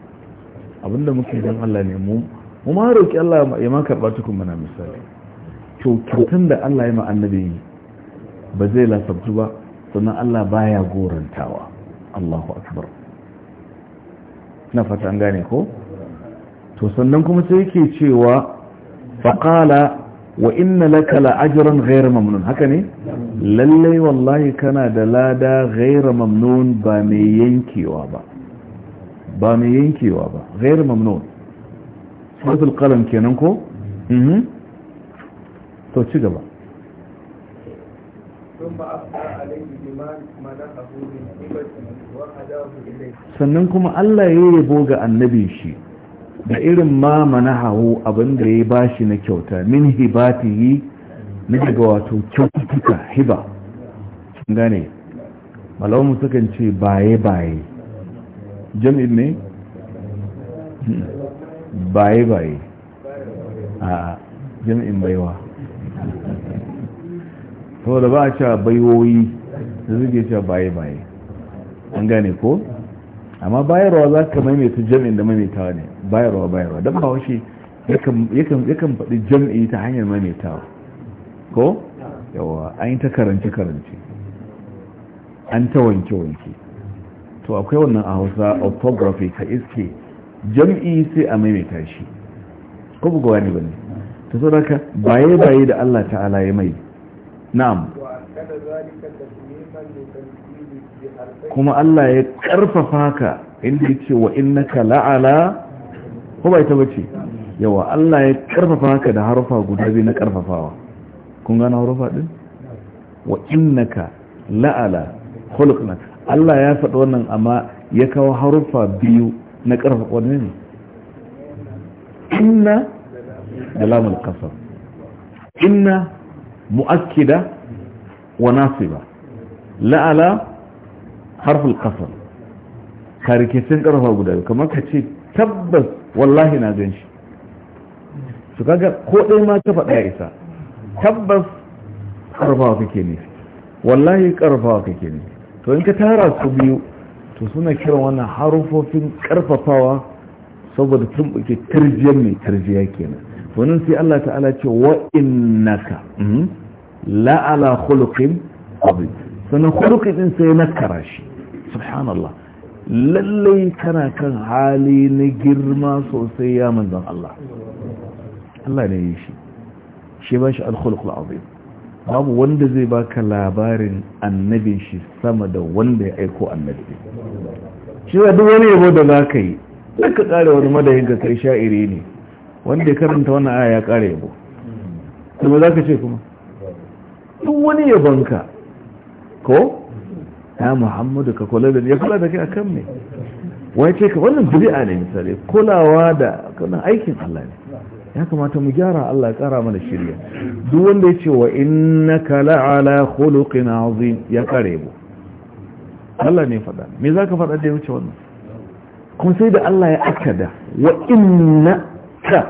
abinda muke dan Allah ne mu mu ma roki Allah ya ma karba tukun mana misali to kyautan da Allah ya ma annabi ba zai lasabtu ba sannan Allah baya gorantawa Allahu akbar na fata an gane ko to sannan kuma sai yake cewa faqala wa inna laka ajran ghayra mamnun haka ne Lallai wallahi kana da lada ghayra mamnun ba mai yankewa ba ba mai yankewa ba gair mamnun sautul kalam kenan ko mhm. to ci gaba sannan kuma Allah ya yi boga annabi shi da irin ma mana manahahu abinda ya bashi na kyauta min yi na daga wato kyautuka hiba gane malamu sukan ce baye-baye jami'in ne baye-baye a jami'in baiwa saboda ba a cewa baiwoyi da suke cewa baye-baye an gane ko amma bayarwa za ka maimaita jami'in da maimaitawa ne bayarwa bayarwa don ba washe yakan faɗi jami'i ta hanyar maimaitawa ko yawa an yi ta karance-karance an ta wanke-wanke to akwai wannan a hausa orthography ka iske jam'i sai a maimaita shi ko ba ne ta so daga baye-baye da Allah ta'ala ya mai na'am kuma Allah ya karfafa ka inda ya ce wa innaka la'ala ko bai ta bace yawa Allah ya karfafa ka da harufa guda biyu na karfafawa kun gano harufa din wa innaka la'ala khuluqnaka Allah ya faɗi wannan amma ya kawo haruffa biyu na ƙarfa ƙwanne ne inna da lamun kasar inna mu'akkida wa nasiba la'ala harful kasar karikicin ƙarfa guda biyu kamar ka ce tabbas wallahi na gan shi su kaga ko ɗaya ma ta faɗa isa tabbas ƙarfawa kake ne wallahi ƙarfawa kake ne to in ka tara su biyu to suna kiran wannan harufofin karfafawa saboda tumbuke tarjiyar mai tarjiya kenan to nan sai Allah ta'ala ce wa innaka mhm, la ala khuluqin abin sanan khuluqin din sai na karashi subhanallah lallai kana kan hali na girma sosai ya manzon Allah Allah ne yi shi shi ba shi al-khuluqul azim babu wanda zai baka labarin annabin shi sama da wanda ya aiko annabi shi da duk wani yabo da za ka yi za ka kare wani madayin ga kai sha'iri ne wanda ya karanta wani aya ya kare yabo kuma za ka ce kuma duk wani yabonka ko ya muhammadu ka kula da ya kula da kai a kan mai wai ce ka wannan bid'a ne misali kulawa da aikin Allah ne ya kamata mu gyara Allah ya kara mana shirya duk wanda ya ce wa innaka la'ala khuluqin azim ya kare mu Allah ne faɗa me zaka faɗa da wuce wannan kuma sai da Allah ya akada wa innaka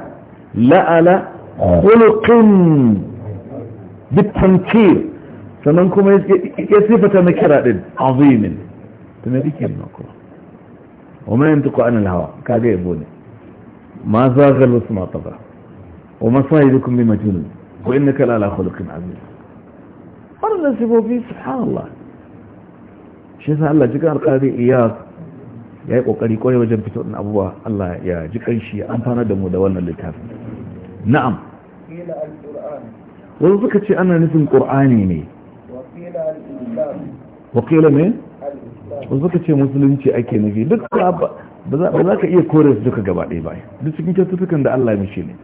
la'ala khuluqin bitankir sannan kuma ya sifata na kira din azimin to me kike nan kuma wa ma yantiqu anil hawa Ka ga yabo ne ma zagal wasu ma tabar wa masayidukum bi majnun wa innaka la ala khuluqin azim wannan sifofi الله shi yasa Allah jikan alƙari iya ya yi ƙoƙari ƙwarai wajen fito ɗin abubuwa Allah ya ji ƙanshi ya amfana da mu da wannan littafin na'am wasu suka ce nufin ƙur'ani ne wakila ne wasu suka ce musulunci ake nufi duk ba za ka iya kore su duka gaba ɗaya ba duk cikin kyaututtukan da Allah ya mishi ne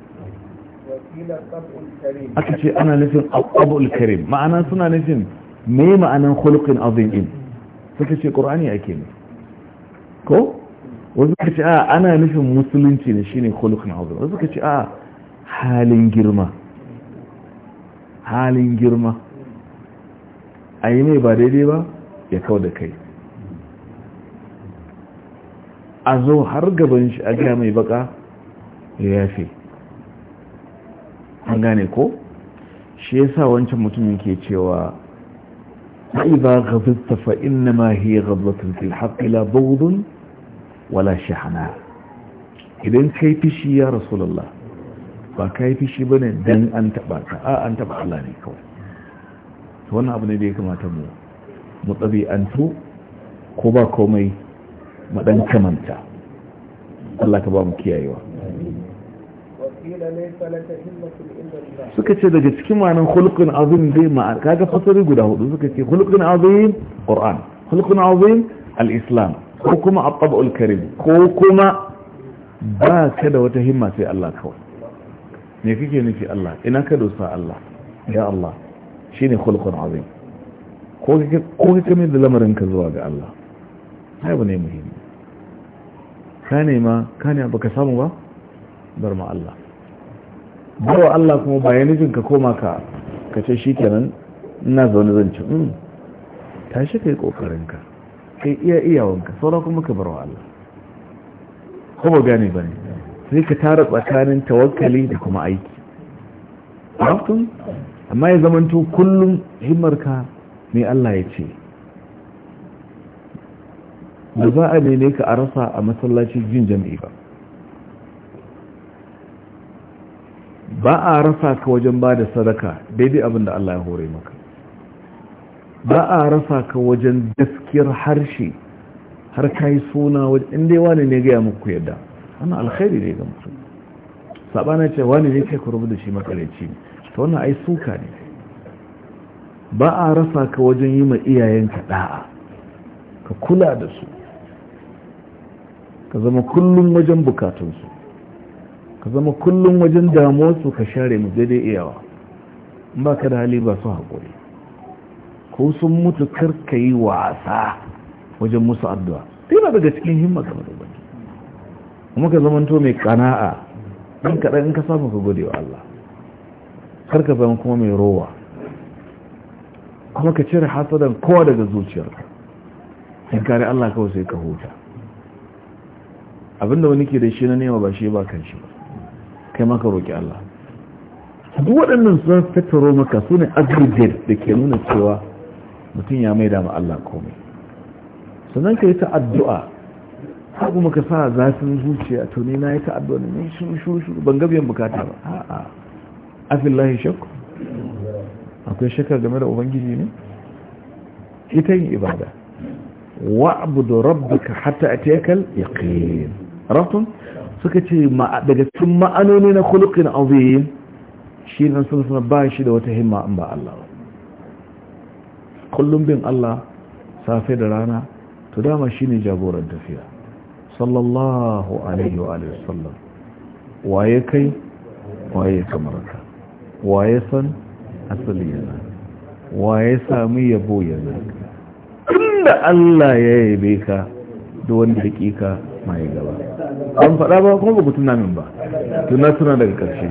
aka ce ana nufin abu'ul karim ma'ana suna nufin me ma'anan hulukin azim in suka ce qur'ani ake ne ko wasu suka ce a ana nufin musulunci ne shine hulukin azin wasu suka ce a halin girma halin girma a yi mai ba daidai ba ya kau da kai a zo har gaban shi a gaya mai baka ya yafe an gane ko shi ya sa wancan mutumin ke cewa ba gafista fa na ma hiya ghazatun fil wala shahana idan yi fishi ya lalla ba yi fishi ne dan an taɓa ka a an taɓa Allah ne kawai to wannan abu ne da ya kamata mu mu an tu, ko ba komai mu kamanta Allah ka ba mu kiyayewa suka ce daga cikin ma'anin hulqun azim zai ma kaga fasari guda hudu suka ce hulqun azim ƙoran hulqun azim al-islam ko kuma at ulkarim karim ko kuma ba ka da wata himma sai Allah kawai me kake nufi Allah ina ka dosa Allah ya Allah shine hulqun azim ko ka kame da lamarin ka zuwa ga Allah sai ne muhimmi ka nema ka ne ka samu ba bar ma Allah bawa Allah kuma bayan ka koma ka ka shi kenan ina zaune zan ci hmm. tashi kai ka kai iya ka sauran kuma ka barwa Allah ko ba gane ba ne sai ka tara tsakanin tawakkali da kuma aiki haftun amma ya zamanto kullum himmarka mai Allah ya ce ba za a ne ka a rasa a masallaci jin jami'i ba ba a rasa ka wajen ba da sadaka daidai abin da Allah ya hore maka ba a rasa ka wajen gaskiyar harshe har ka yi suna wajen inda yawa ne gaya muku yadda ana alkhairi ne ga mutum sabana ce wani ne kai ku da shi makareci ne ta wannan ai suka ne ba a rasa ka wajen yi ma iyayenka da'a ka kula da su ka zama kullum wajen bukatunsu ka zama kullum wajen su ka share mu daidai iyawa in ba ka da hali ba su haƙuri ko sun mutu karka yi wasa wajen musu addu'a ba daga cikin himma kamar da kuma ka to mai kana'a in kaɗan in ka samu ka gode wa Allah karka zama kuma mai rowa kuma ka cire hasadan kowa daga zuciyarka in kare Allah kawai sai ka huta abinda wani ke da shi na nema ba shi ba kan shi ba kai maka roƙi Allah duk waɗannan sun tattaro maka su ne aggregate da ke nuna cewa mutum ya maida ma Allah komai sannan ka yi ta addu'a har kuma ka sa zafin zuciya to ne na yi ta addu'a ne shuru shuru shuru ban gabiyan bukata ba a'a afillahi shakku akwai shakar game da ubangiji ne ita yin ibada wa'budu rabbaka hatta atiyakal yaqin arabtum suka ce daga cikin ma'anoni na khuluqin azim shi nan sun suna ba shi da wata himma an ba Allah kullum bin Allah safe da rana to dama shi ne jagoran tafiya sallallahu alaihi wa sallam waye kai waye kamar ka waye san asali yana waye sami yabo yanzu tunda Allah ya yabe ka da wanda hakika mai gaba an faɗa ba kuma ba ku namin min ba tuna tuna daga ƙarshe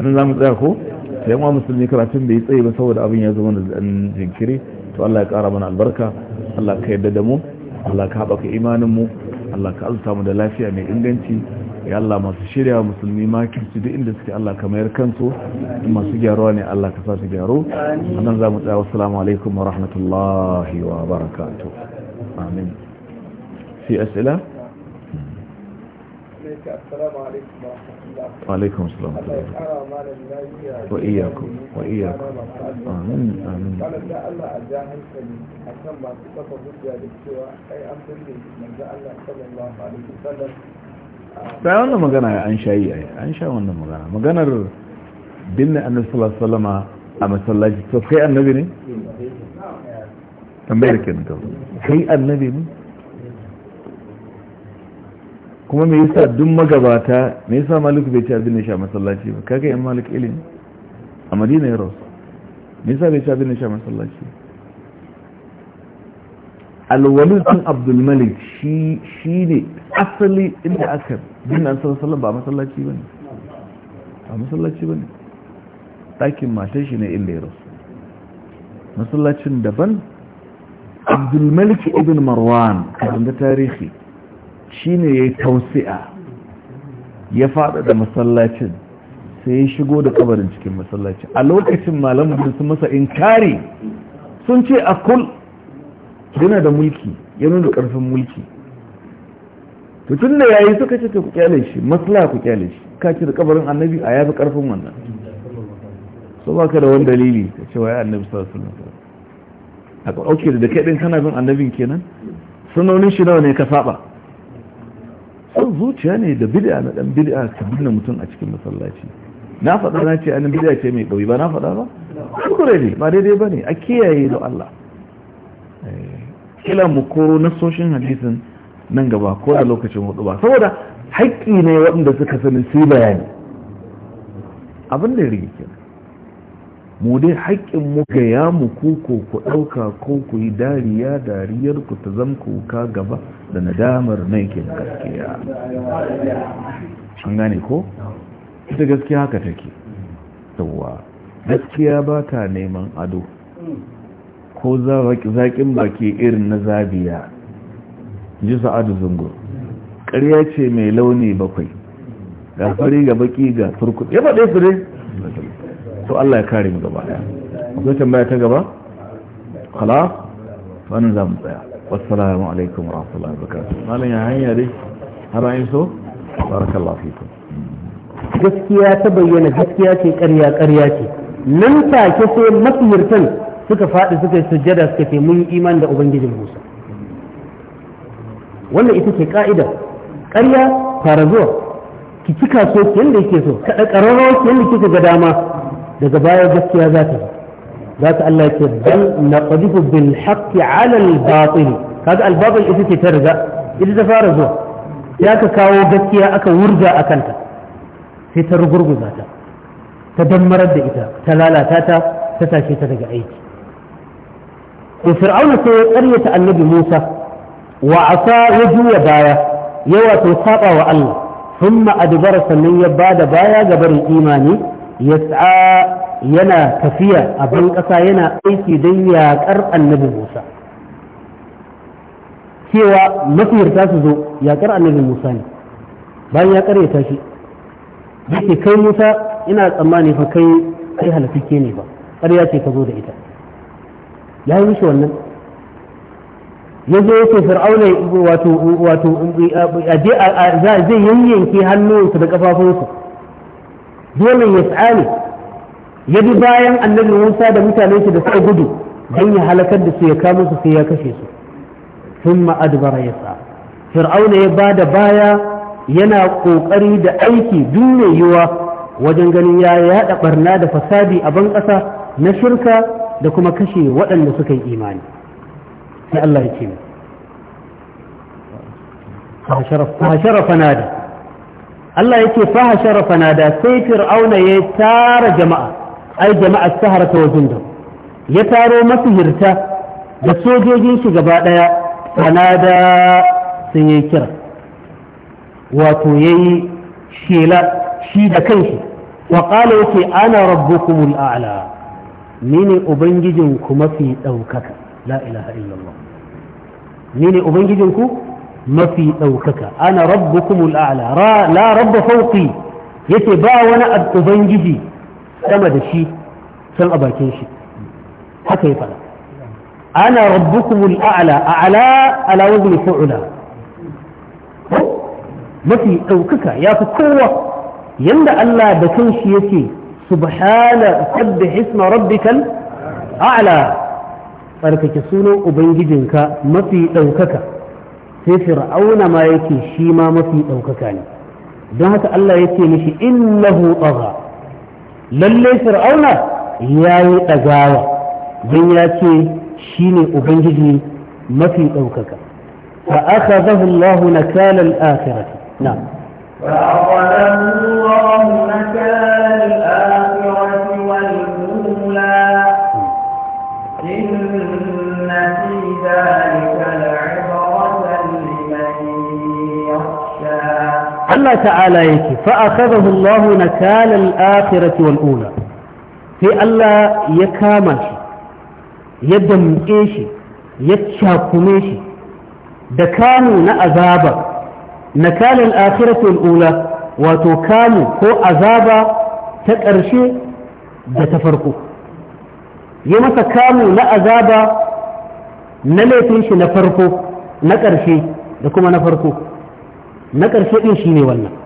nan za mu tsaya ko sai ma musulmi karatun bai tsaye ba saboda abin ya zama da ɗan jinkiri to Allah ya ƙara mana albarka Allah ka yadda da mu Allah ka haɓaka imanin mu Allah ka azurta mu da lafiya mai inganci ya Allah masu shirya musulmi makirci duk inda suke Allah ka mayar kansu masu gyaruwa ne Allah ka sa su gyaro nan za mu tsaya wassalamu alaikum wa rahmatullahi wa barakatuh amin sai asila ce assalamu alaikum wa wa alaikum assalam wa iyyakum wa amin amin malam da Allah a ja hankali akan masu kafa hujja da cewa ai an binne manzo Allah sallallahu alaihi wasallam sai wannan magana ya an shayi ai an sha wannan magana maganar binne annabi sallallahu alaihi a masallaci to kai annabi ne tambayar kenan to kai annabi ne kuma me yasa duk magabata me yasa malik bai ci abin da sha masallaci ba kaga yan malik ilimi a madina ya rasu me yasa bai ci abin da sha masallaci alwalid bin abdulmalik shi ne asali inda aka bin an sallallahu ba a masallaci ba ne a masallaci ba ne ɗakin matan shi ne inda ya rasu masallacin daban Abdulmalik ibn marwan kan tarihi shine ya yi tausi'a ya fada da masallacin sai ya shigo da kabarin cikin masallacin a lokacin da su masa inkari sun ce a kul yana da mulki ya nuna karfin mulki to tun da yayi suka ce ku kyale shi masla ku kyale shi ka ce da kabarin annabi a yafi karfin wannan so baka da wani dalili ka ce wai annabi sallallahu alaihi wasallam a ɗauke da kai din kana bin annabin kenan sunonin shi nawa ne ka saba an zuciya ne da bid'a na dan bid'a ta binne mutum a cikin masallaci na faɗa na ce anan bid'a ce mai ɗauyi ba na faɗa ba kuskure ne ba daidai ba ne a kiyaye da Allah eh, kila mu koro nasoshin hadisin nan gaba ko da lokacin hudu ba saboda haƙƙi ne waɗanda suka sani su bayani abin da ya rigi kenan mu dai haƙƙin mu ga ya mu ko ku ɗauka ko ku yi dariya dariyar ku ta zama kuka gaba da nadamar naikin gaskiya an gane ko? ita gaskiya haka take yawwa gaskiya ba ta neman ado ko zaƙin baki irin na zabiya ji sa'adu zungu. ƙarya ce mai launi bakwai ga fari ga baki ga turku ya faɗe su dai to Allah ya kare mu gaba daya akwai tambaya ta gaba kala khalas za mu tsaya wassalamu alaikum wa rahmatullahi wa barakatuh malam ya hanya dai har an so barakallahu fikum gaskiya ta bayyana gaskiya ce ƙarya ƙarya ce nan take sai mafiyartan suka faɗi suka yi sujjada suka ce mun yi iman da ubangijin Musa wannan ita ce ka'ida ƙarya fara zuwa ki cika so ki yanda yake so kada ƙararrawa ki yanda kika ga dama daga baya gaskiya za ta za ta Allah ce bal na qadifu bil haqqi ala batil kaga al ita ce ta riga ita ta fara zuwa ya ka kawo gaskiya aka wurga a kanta sai ta rugurguza ta ta dammarar da ita ta lalata ta ta tashe ta daga aiki to fir'auna sai ya karyata annabi Musa wa asa ya juya baya yawa to saba wa Allah thumma adbara sannan ya da baya ga barin imani yas'a yana tafiya a ban ƙasa yana aiki don yaƙar annabi Musa cewa mafiyarta su zo yaƙar annabi Musa ne bayan ya tashi shi yake kai Musa ina tsammani fa kai kai halafike ne ba ƙarya ce ka zo da ita ya yi mishi wannan ya zo ce fir'auna wato wato a zai yanyanke hannuwansu da ƙafafunsu dole ya tsani ya bi bayan annabi Musa da mutane shi da suka gudu don ya halakar da su ya kamo su sai ya kashe su thumma adbara yasa fir'auna ya bada baya yana kokari da aiki duk yiwa wajen ganin ya yada barna da fasadi a ban ƙasa na shirka da kuma kashe waɗanda suka yi imani sai Allah ya ce mu fa sharafa nada Allah yake fahashara fanada sai fir'auna ya tara jama'a ai jama'a sahara ta wajen da ya taro hirta da sojojin shi gaba daya fanada sun ya kira wato yayi shela shi da kanshi wa qala yake ana rabbukumul a'la ni ne ubangijinku mafi daukaka la ilaha illallah ni ne ubangijinku mafi ɗaukaka ana rabbukumul a'la la rabba fauqi yace ba wani ubangiji sama da shi san a bakin shi haka ya fara ana rabbukumul a'la a'la ala wazni fu'la mafi ɗaukaka ya fi kowa yanda Allah da kanshi yake subhana sabbih isma rabbikal a'la tsarkake sunan ubangijinka mafi ɗaukaka sai fir'auna ma yake shi ma mafi daukaka ne don haka Allah yake mishi innahu tagha lalle fir'auna yayi dagawa ɗagawa don ya ce shi ubangiji mafi daukaka fa aka Allah nakal al akirati na'am فأخذه الله نكال الآخرة والأولى إن في ذلك لعلم Allah ta'ala yake fa akhadahu Allah nakala al-akhirati wal ula sai Allah ya kama shi ya damke shi ya cakume shi da kamu na azaba nakala al-akhirati wal ula wato kamu ko azaba ta ƙarshe da ta farko ya masa kamu na azaba na laifin shi na farko na ƙarshe da kuma na farko na ƙarshe ɗin ne wannan